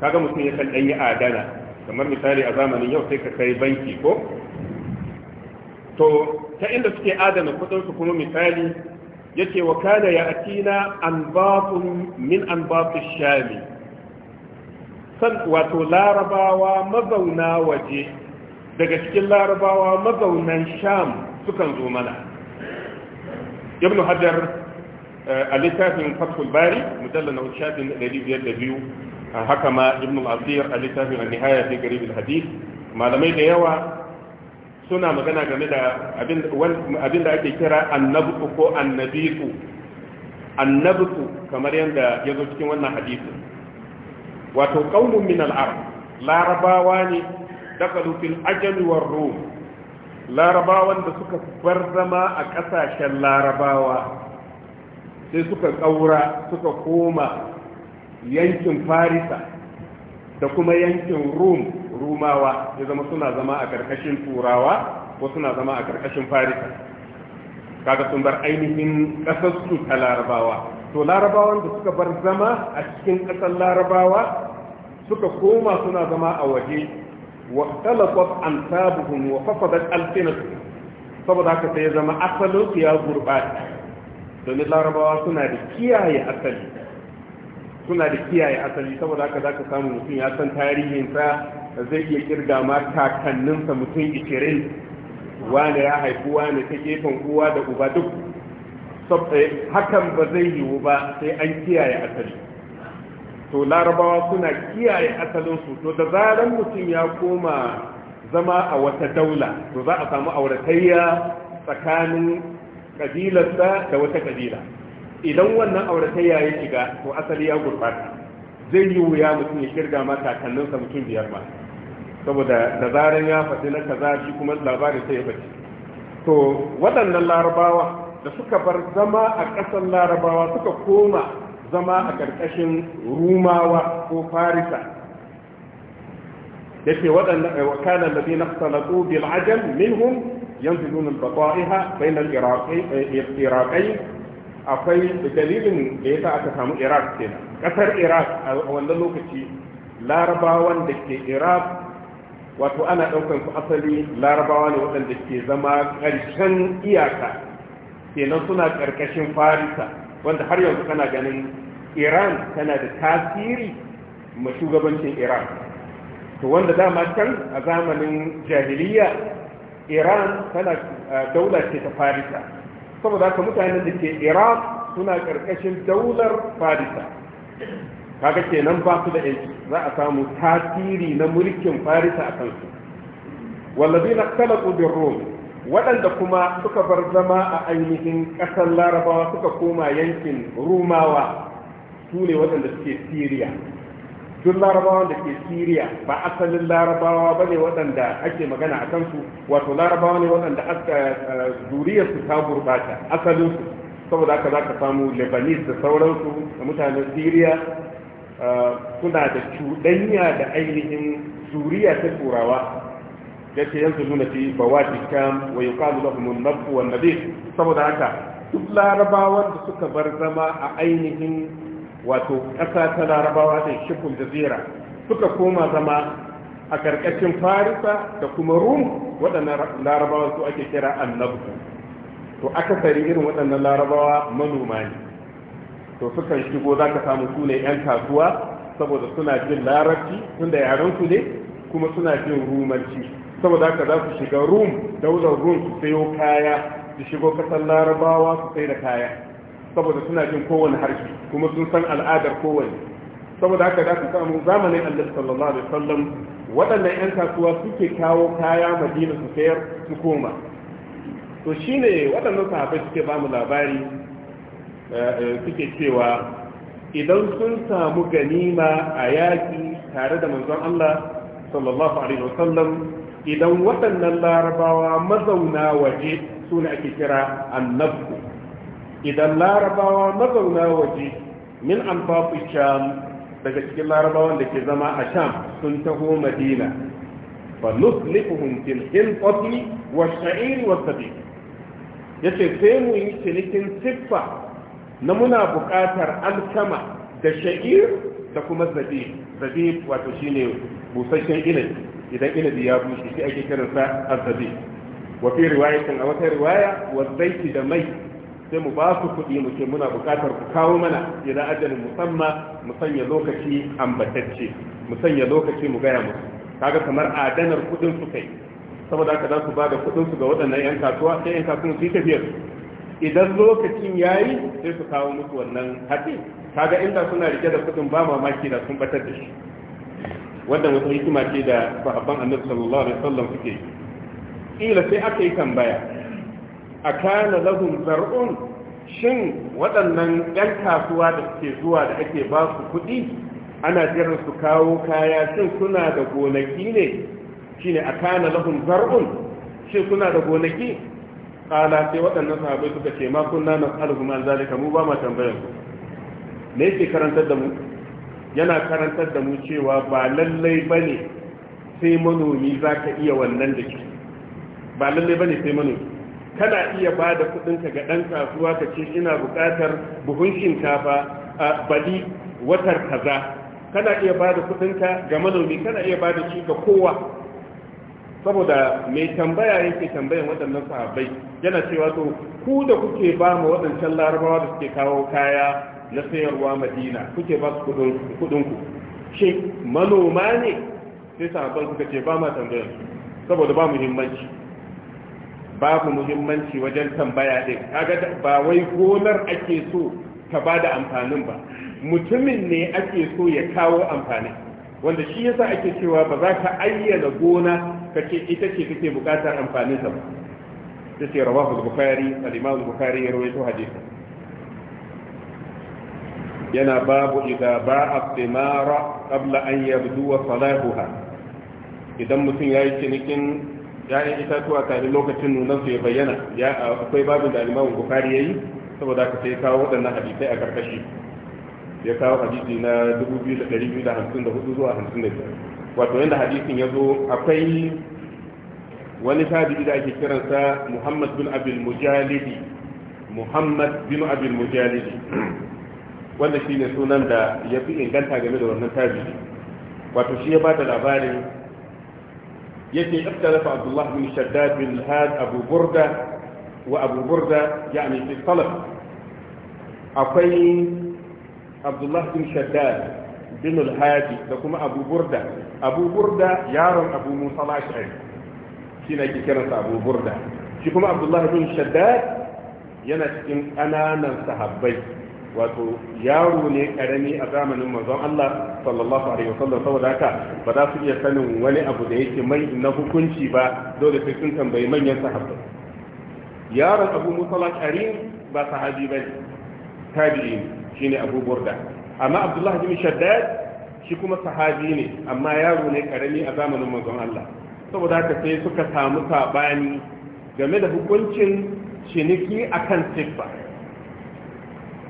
S1: kaga mutum ya kan yi adana kamar misali a zamanin yau sai ka kai banki ko to ta inda suke adana kuɗin su kuma misali yake wa kana ya atina an min an shami san wato larabawa mazauna waje daga cikin larabawa mazaunan sham sukan zo mana ibn hajar eh, a littafin fathul bari mujallal na shafin 502 haka ma ibn al-asir a littafin an-nihaya fi garib al-hadith malamai da yawa suna magana game da abin da ake kira annabtu ko annabitu annabtu kamar yadda ya zo cikin wannan hadisi wato qaumun min larabawa ne dakalu fil ajami war rum larabawan da suka bar zama a kasashen larabawa sai suka kaura suka koma yankin farisa da kuma yankin rum rumawa ya zama suna zama a karkashin turawa ko suna zama a karkashin farisa kaga sun bar ainihin kasarsu ta larabawa to larabawan da suka bar zama a cikin ƙasar larabawa suka koma suna zama a waje wa talaqat ansabuhum wa fasadat alsinatuhum saboda haka sai ya zama asalin su ya gurbata domin larabawa suna da kiyaye asali suna da kiyaye asali saboda haka ka samu mutum ya san tarihinsa zai iya kirga ma kakanninsa mutum 20 wani ya haifi ne ta gefen uwa da uba duk Eh, hakan ba zai yiwu ba sai an kiyaye asali to larabawa suna kiyaye asalinsu to da zaran mutum ya koma zama a wata daula to za a samu auratayya tsakanin kabilarsa da wata kabila idan wannan auratayya ya shiga to asali ya gurbata zai yiwu ya mutum ya kirga mata kakanninsa mutum biyar ba, saboda da zaran ya faɗi na kaza shi kuma labarin sai ya faɗi to waɗannan larabawa da suka bar zama a ƙasar larabawa suka koma zama a ƙarƙashin rumawa ko farisa da ke waɗanda da na salatu bil ajam minhum yanzu nunin baba'iha bai nan iraƙai eh, akwai dalilin da ya sa aka samu iraq kenan ƙasar iraq a wannan lokaci larabawan da ke iraq wato ana ɗaukar su asali larabawa ne waɗanda ke zama ƙarshen iyaka kenan suna karkashin farisa wanda har yanzu kana ganin iran tana da tasiri ma shugabancin iran to wanda dama can a zamanin jahiliya iran tana daula ce ta farisa saboda haka mutanen da ke iran suna karkashin daular farisa kaga kenan ba su da yanki za a samu tasiri na mulkin farisa a kansu wallazi na talaku bin waɗanda kuma suka bar zama a ainihin ƙasar larabawa suka koma yankin rumawa su ne waɗanda suke siriya duk larabawan da ke siriya ba asalin larabawa ba ne waɗanda ake magana a kansu wato larabawa ne waɗanda eh, zuriyarsu ta gurɓata asalinsu saboda haka za ka samu lebanese da sauransu da mutanen siriya eh, suna da cuɗanya da ainihin zuriya ta turawa yake yanzu nuna fi bawati kam wa yuqalu lahum an-nabu wan nabi saboda haka duk larabawan da suka bar zama a ainihin wato ƙasa ta larabawa da shiful jazira suka koma zama a ƙarƙashin farisa da kuma rum waɗannan larabawa su ake kira annabu to akasari irin waɗannan larabawa manoma ne to sukan shigo za ka samu su ne 'yan kasuwa saboda suna jin larabci tunda yarensu ne kuma suna jin rumanci saboda haka za su shiga rum daular rum su sayo kaya su shigo kasar larabawa su sai da kaya saboda suna jin kowane harshe kuma sun san al'adar kowane saboda haka za su samu zamanin annabi sallallahu alaihi wasallam waɗannan 'yan kasuwa suke kawo kaya madina su sayar su koma to shine waɗannan sahabbai suke ba mu labari eh, eh, suke cewa idan sun samu ganima a yaƙi tare da manzon Allah sallallahu alaihi wasallam idan waɗannan larabawa mazauna waje su ne ake kira annabku idan larabawa mazauna waje min anfafi sham daga cikin larabawan da ke zama a sham sun taho madina fa nuslifuhum fil hinqati wa sha'ir wa sadiq yace sai mu yi cinikin siffa na muna buƙatar alkama da sha'ir da kuma zabi zabi wato shine busasshen ilimi idan inabi ya bushe shi ake kiransa azabi wa fi riwayatin a wata riwaya wa zaiti da mai sai mu ba ku kuɗi mu ce muna buƙatar ku kawo mana idan ajalin musamma mu sanya lokaci ambatacce mu sanya lokaci mu gaya musu kaga kamar adanar kuɗin su kai saboda haka za su ba da kuɗin su ga waɗannan 'yan kasuwa sai 'yan kasuwa su yi tafiyar idan lokacin ya yi sai su kawo musu wannan hatsi kaga inda suna rike da kuɗin ba mamaki da sun batar da shi wannan wata hikima ce da sahabban annabi sallallahu alaihi wasallam suke kila sai aka yi tambaya akana lahum zar'un shin waɗannan yan kasuwa da suke zuwa da ake ba su kuɗi ana jiran su kawo kaya shin suna da gonaki ne shine akana lahum zar'un shin suna da gonaki kala sai waɗannan sahabbai suka ce ma kunna nas'alukum an zalika mu ba ma tambayar su me yake karantar da mu yana karantar da mu cewa ba lallai ba ne sai manomi za ka iya wannan da ke ba lallai ba ne sai manomi kana iya ba da kudinka ga dan kasuwa ka ce ina buƙatar buhun shinkafa a bali watar kaza kana iya ba da kudinka ga manomi kana iya ba da shi ga kowa saboda mai tambaya yake tambayan waɗannan sahabbai yana cewa to ku da kuke ba mu waɗancan larabawa da suke kawo kaya na sayarwa madina kuke ba su kudin ku shi manoma ne sai sahabban suka ce ba ma tambayar saboda ba muhimmanci Ba babu muhimmanci wajen tambaya din kaga ba wai gonar ake so ta ba da amfanin ba mutumin ne ake so ya kawo amfani. wanda shi yasa ake cewa ba za ka ayyana gona ka ce ita ce kake bukatar amfanin ta ba ta ce rawahu bukhari al-imam bukhari ya rawaito hadisin yana babu idza ba'a thimara qabla an yabduwa salahuha idan mutum ya yi cinikin ya'yan itatuwa kafin lokacin nunan su ya bayyana ya akwai babu da Imam Bukhari yayi saboda haka sai kawo waɗannan hadisai a karkashi ya kawo hadisi na 2254 zuwa 55 wato yanda hadisin ya zo akwai wani tabi'i da ake kiransa Muhammad bin Abil Mujalidi Muhammad bin Abil Mujalidi wanda ne sunan da ya fi inganta game da wannan tabi'i wato shi ya ba da labarin yake ikhtalafa abdullah bin shaddad bin had abu burda wa abu burda yani fi talab akwai abdullah bin shaddad bin al-hadi da kuma abu burda abu burda yaron abu musa al shi shine ake kiransa abu burda shi kuma abdullah bin shaddad yana cikin ƙananan sahabbai wato yaro ne karami a zamanin manzon Allah sallallahu alaihi wasallam saboda haka ba za su iya sanin wani abu da yake mai na hukunci ba dole sai sun tambayi manyan sahabbai yaron Abu Musa al-Ashari ba sahabi bane tabi'i shine Abu Burda amma Abdullah bin Shaddad shi kuma sahabi ne amma yaro ne karami a zamanin manzon Allah saboda haka sai suka samu sabani game da hukuncin ciniki akan siffa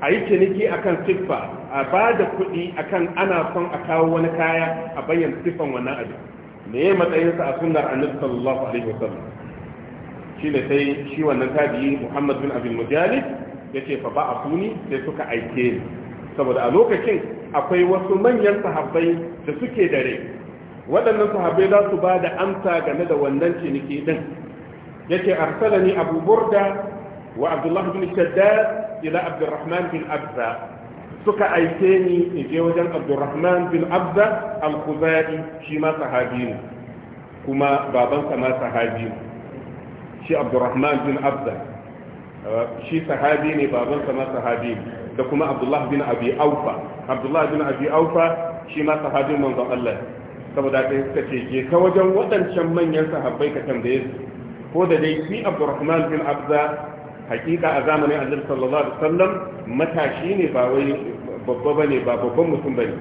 S1: a yi ciniki akan siffa a ba da kuɗi akan ana son a kawo wani kaya a bayyana siffan wannan abin me ya matsayinsa a sunnar annabi sallallahu alaihi sallam shi ne sai shi wannan tabi'i muhammad bin abin mujalib ya ce fa ba a suni sai suka aike ni saboda a lokacin akwai wasu manyan sahabbai da suke da rai waɗannan sahabbai za su ba da amsa game da wannan ciniki din ya ce arsalani abu burda wa abdullah bin shaddad ila abdurrahman bin abza suka aike ni in je wajen abdurrahman bin abza al-khuzai shi ma sahabi ne kuma babansa ma sahabi ne shi abdurrahman bin abza shi sahabi ne babansa ma sahabi ne da kuma abdullah bin abi aufa abdullah bin abi aufa shi ma sahabin manzon Allah saboda kai suka ce je ta wajen waɗancan manyan sahabbai ka tambaye su ko da dai shi abdurrahman bin abza hakika a zamanin annabi sallallahu alaihi wasallam matashi ne ba wai babba bane ba babban mutum bane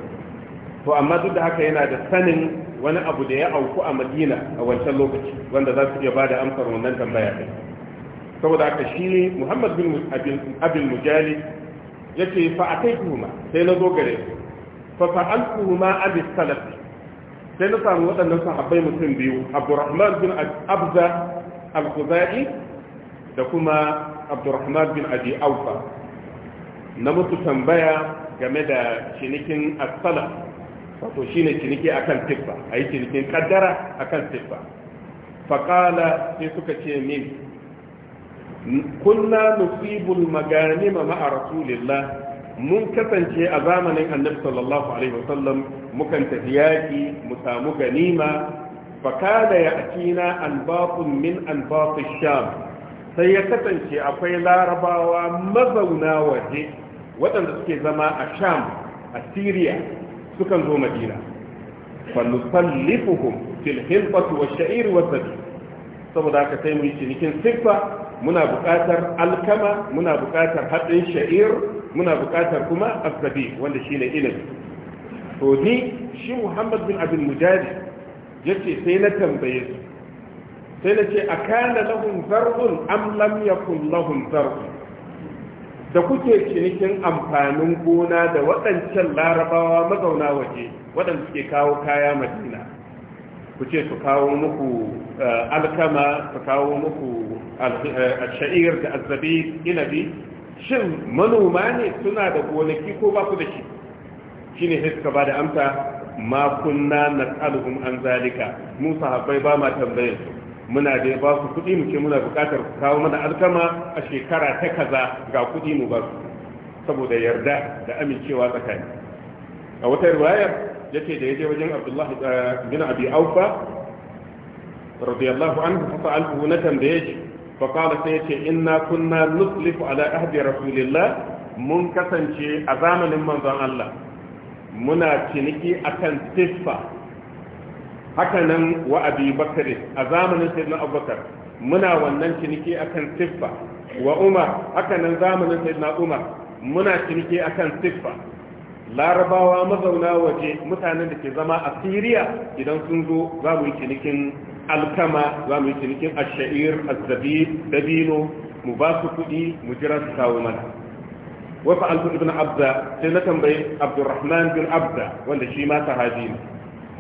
S1: to amma duk da haka yana da sanin wani abu da ya auku a Madina a wancan lokaci wanda za su iya bada amsar wannan tambaya din saboda haka shi ne Muhammad bin Abdul Mujali yace fa ataituhuma sai na zo gare su fa fa'altuhuma abi salaf sai na samu waɗannan sahabbai mutum biyu Abdurrahman bin Abza al-Khuzai da kuma abdurrahman bin abi aufa na mutu tambaya game da cinikin asala wato shi ne ciniki akan tiffa a yi cinikin kaddara akan tiffa faƙala sai suka ce min kunna nusibul maganima ma'a rasulillah mun kasance a zamanin annabi sallallahu alaihi wasallam mukan tafi yaƙi mu samu ganima faƙala ya akina an min an sham sai ya kasance akwai larabawa mazauna waje waɗanda suke zama a sham a syria sukan zo madina fannusallifuhum fil hilfatu wa sha'ir wa sabi saboda aka sai mu yi cinikin siffa muna buƙatar alkama muna buƙatar haɗin sha'ir muna buƙatar kuma azabi wanda shine ilimi to ni shi muhammad bin abin ya ce sai na tambaye su sai na ce a kana lahun zar'un am lam yakun lahun da kuke cinikin amfanin gona da waɗancan larabawa mazauna waje waɗanda suke kawo kaya madina ku ce su kawo muku eh, alkama su kawo muku eh, sha'ir da azabi inabi shin manoma ne suna da gonaki ko ba ku da shi shine hiska ba da amsa ma kunna nas'aluhum an zalika Musa sahabbai ba ma tambayar su muna da ba ku kuɗi ce muna buƙatar ku kawo mana alkama a shekara ta kaza ga kuɗi mu ba su saboda yarda da amincewa tsakani a wata riwayar yace da yaje wajen Abdullahi eh, bin Abi radiyallahu anhu fa sa'alhu na tambaye shi fa qala sai yace inna kunna nuslifu ala ahdi rasulillah mun kasance a zamanin manzon Allah muna ciniki akan siffa haka nan wa abi bakare a zamanin sayyidina abubakar muna wannan ciniki akan siffa wa umar haka nan zamanin sayyidina umar muna ciniki akan siffa larabawa mazauna waje mutanen da ke zama a siriya idan sun zo za mu yi cinikin alkama za mu yi cinikin ashair azzabi dabino mu ba su kuɗi mu jira su kawo mana wasu alfu ibn abda sai na tambayi abdurrahman bin abda wanda shi ma sahabi ne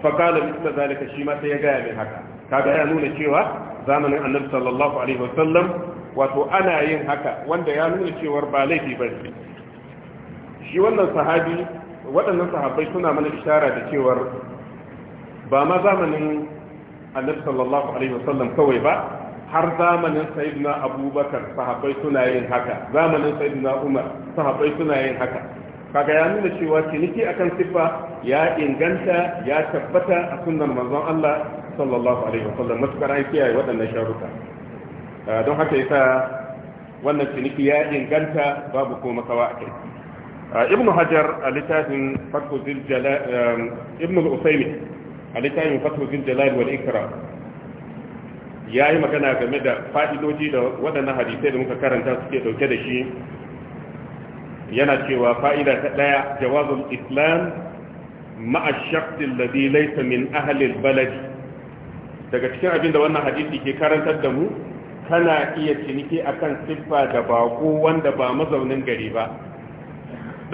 S1: fakala misla zalika shi ma sai ya gaya mai haka kaga ya nuna cewa zamanin annabi sallallahu alaihi wasallam wato ana yin haka wanda ya nuna cewar ba laifi ba shi wannan sahabi waɗannan sahabbai suna mana ishara da cewar ba ma zamanin annabi sallallahu alaihi wasallam kawai ba har zamanin sayyidina abubakar sahabbai suna yin haka zamanin sayyidina umar sahabbai suna yin haka kaga ya nuna cewa ciniki akan siffa ya inganta ya tabbata a sunnan manzon Allah sallallahu alaihi wa sallam matukar an kiyaye waɗannan sharuka ah, don haka yasa wannan ciniki ya inganta babu ko makawa a kai ah, ibn hajar a littafin fathu zil um, ibn al a littafin fathu zil jalal wal ya yi magana game da fa'idoji da waɗannan hadisai da muka karanta suke dauke da shi yana cewa fa'ida ta ɗaya jawabin islam ma'a da zai laysa min ahli balaji. daga cikin abin da wannan hadisi ke karantar da mu kana iya ciniki akan siffa da bako wanda ba mazaunin gari ba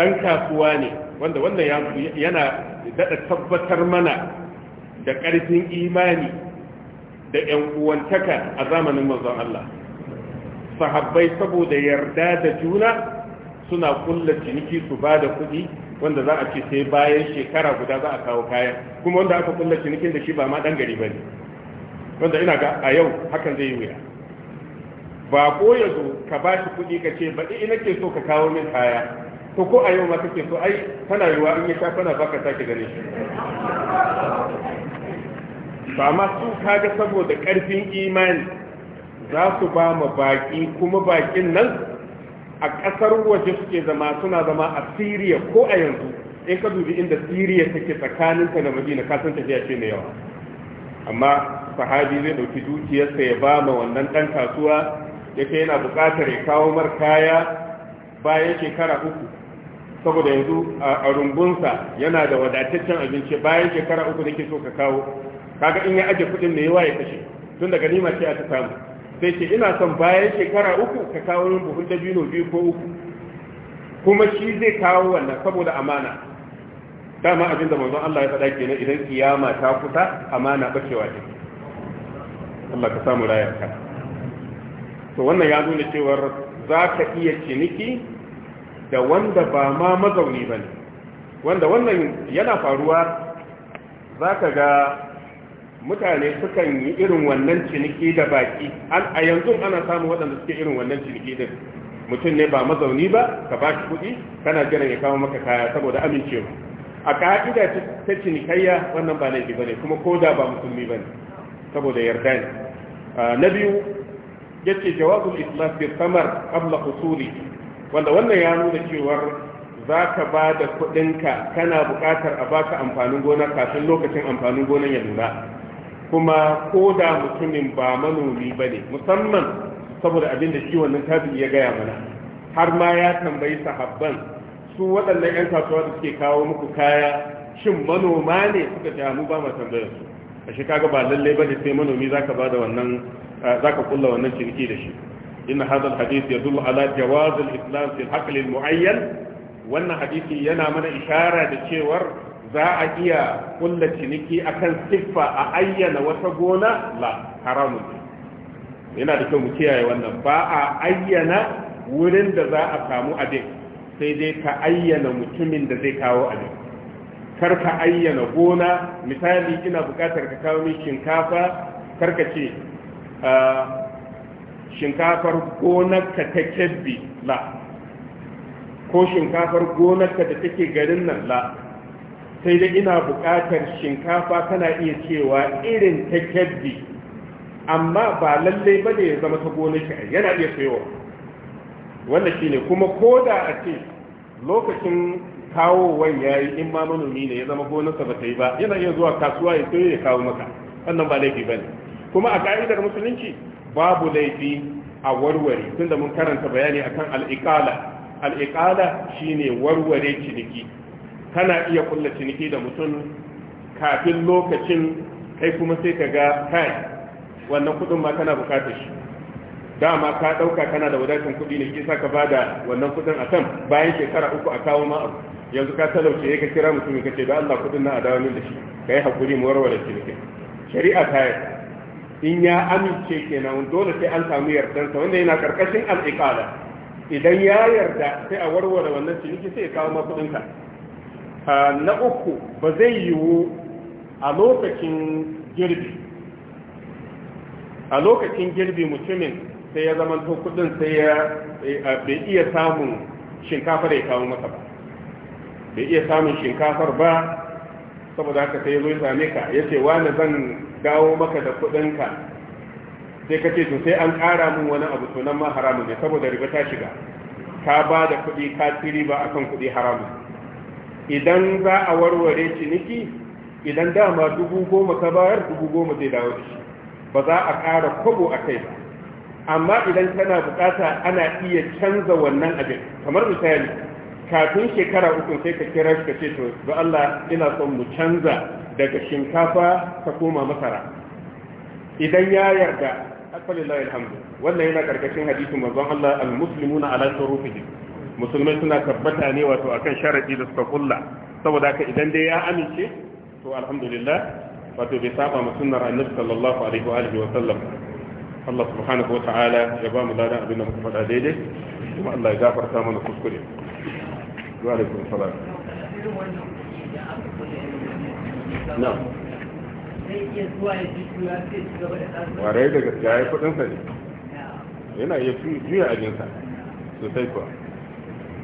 S1: dan kasuwa ne wanda wannan yana daɗa tabbatar mana da ƙarfin imani da ‘yan uwantaka a zamanin manzon Allah sahabbai saboda yarda da juna suna kulla ciniki su ba da kuɗi wanda za a ce sai bayan shekara guda za a kawo kayan kuma wanda aka kulla cinikin da shi ba ma ɗan gari ba ne wanda ina ga a yau hakan zai yi wuya ba ko ya zo ka ba shi kuɗi ka ce baɗi ina ke so ka kawo min kaya to ko a yau ma kake so ai tana yiwa in ya sha kana ka sake gane shi ba ma su kaga saboda ƙarfin imani za su ba ma baƙi kuma baƙin nan a ƙasar waje suke zama suna zama a Syria ko a yanzu in ka dubi inda Syria take tsakaninta da Madina ka san tafiya ce mai yawa amma sahabi zai dauki dukiyarsa ya ba ma wannan dan kasuwa yake yana buƙatar ya kawo mar kaya bayan shekara uku saboda yanzu a rumbunsa yana da wadataccen abinci bayan shekara uku da ke so ka kawo kaga in ya aje kuɗin mai yawa ya kashe tun daga nima ce a ta samu sai ce ina son bayan shekara uku ka kawo yin buhun dabino biyu ko uku kuma shi zai kawo wannan saboda amana dama abin da manzon Allah ya faɗa nan idan kiyama ta kusa amana bacewa ce Allah ka samu rayar ka to wannan ya nuna cewar za ka iya ciniki da wanda ba ma mazauni ba ne wanda wannan yana faruwa za ka ga mutane sukan yi irin wannan ciniki da baki a yanzu ana samun waɗanda suke irin wannan ciniki din mutum ne ba mazauni ba ka ba shi kuɗi kana jiran ya kawo maka kaya saboda amincewa a ka'ida ta cinikayya wannan ba laifi bane kuma ko da ba musulmi bane saboda yarda ne na biyu yace jawabul islam bi samar qabla usuli wanda wannan ya nuna cewar za ka ba da kuɗinka kana buƙatar a baka amfanin gona kafin lokacin amfanin gonan ya nuna kuma ko da mutumin ba manomi ba ne musamman saboda abin da shi wannan tabi ya gaya mana har ma ya tambayi sahabban su waɗannan 'yan kasuwa da suke kawo muku kaya shin manoma ne suka ce mu ba ma tambayar su a shi kaga ba lallai ba sai manomi zaka ba da wannan zaka kulla wannan ciniki da shi inna hadisi alhadith yadullu ala jawaz Islam fi alhaql mu'ayyan wannan hadisi yana mana ishara da cewar za a iya kulla ciniki akan siffa a ayyana wata gona la haramun yana da kyau mu kiyaye wannan ba a ayyana wurin da za a samu abin sai dai ka ayyana mutumin da zai kawo abin kar ka ayyana gona misali ina bukatar ka kawo min shinkafa kar ka ce ah, shinkafar gonarka ta kebbi la ko shinkafar ka da take garin nan la sai dai ina buƙatar shinkafa kana iya cewa irin ta kebbi. amma ba lalle ba ne ya zama ta gonaki yana iya sayowa shi shine kuma ko da a ce lokacin kawowan ya yi in ma manomi ne ya zama gonarsa ba ta yi ba yana iya zuwa kasuwa ya sayo ya kawo maka wannan ba laifi ba ne kuma a ka'idar musulunci babu laifi a warware tunda mun karanta bayani akan al'iƙala al'iƙala shine warware ciniki kana iya kulla ciniki da mutum kafin lokacin kai kuma sai ka ga kai wannan kudin ma kana bukatar shi dama ka dauka kana da wadatar kudi ne kisa ka da wannan kudin a kan bayan shekara uku a kawo ma abu yanzu ka talauce ka kira mutum ka ce da Allah kudin na a dawo min da shi ka yi hakuri mu warware ciniki shari'a ta yi in ya amince kenan dole sai an samu yardansa wanda yana karkashin al'iqala idan ya yarda sai a warware wannan ciniki sai ya kawo ma kudin ka na uku ba zai yiwu a lokacin girbi a lokacin girbi mutumin sai ya zama to kudin sai ya bai iya samun shinkafar ya kawo masa ba bai iya samun shinkafar ba saboda haka sai ya zo ya same ka ya ce wani zan dawo maka da kudinka sai ka ce to sai an kara min wani abu to nan ma haramun ne saboda riba ta shiga ka ba da kuɗi ka tiri riba akan kuɗi haramun idan za a warware ciniki idan dama dubu goma ka bayar dubu goma zai dawo da shi ba za a ƙara kwabo a kai ba amma idan tana bukata ana iya canza wannan abin kamar misali kafin shekara uku sai ka kira shi ka ce to ba Allah ina son mu canza daga shinkafa ta koma masara idan ya yarda alhamdu wannan yana karkashin hadisin mazan Allah al-muslimuna ala shurufihim musulmai suna tabbata ne wato akan sharadi da suka kulla saboda ka idan dai ya amince to alhamdulillah wato bai saba mu sunnar annabi sallallahu alaihi wa alihi wa sallam Allah subhanahu wa ta'ala ya ba mu ladan abin da muka faɗa daidai kuma Allah ya gafarta mana kuskure wa alaikum salam
S3: na'am warai da
S1: gaskiya ya kudinsa ne yana iya juya ajinsa sosai kuwa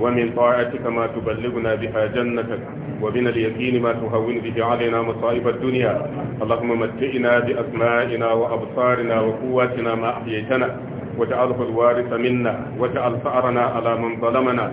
S1: ومن طاعتك ما تبلغنا بها جنتك ومن اليقين ما تهون به علينا مصائب الدنيا اللهم متئنا بأسمائنا وأبصارنا وقواتنا ما أحييتنا وجعله الوارث منا وجعل ثأرنا على من ظلمنا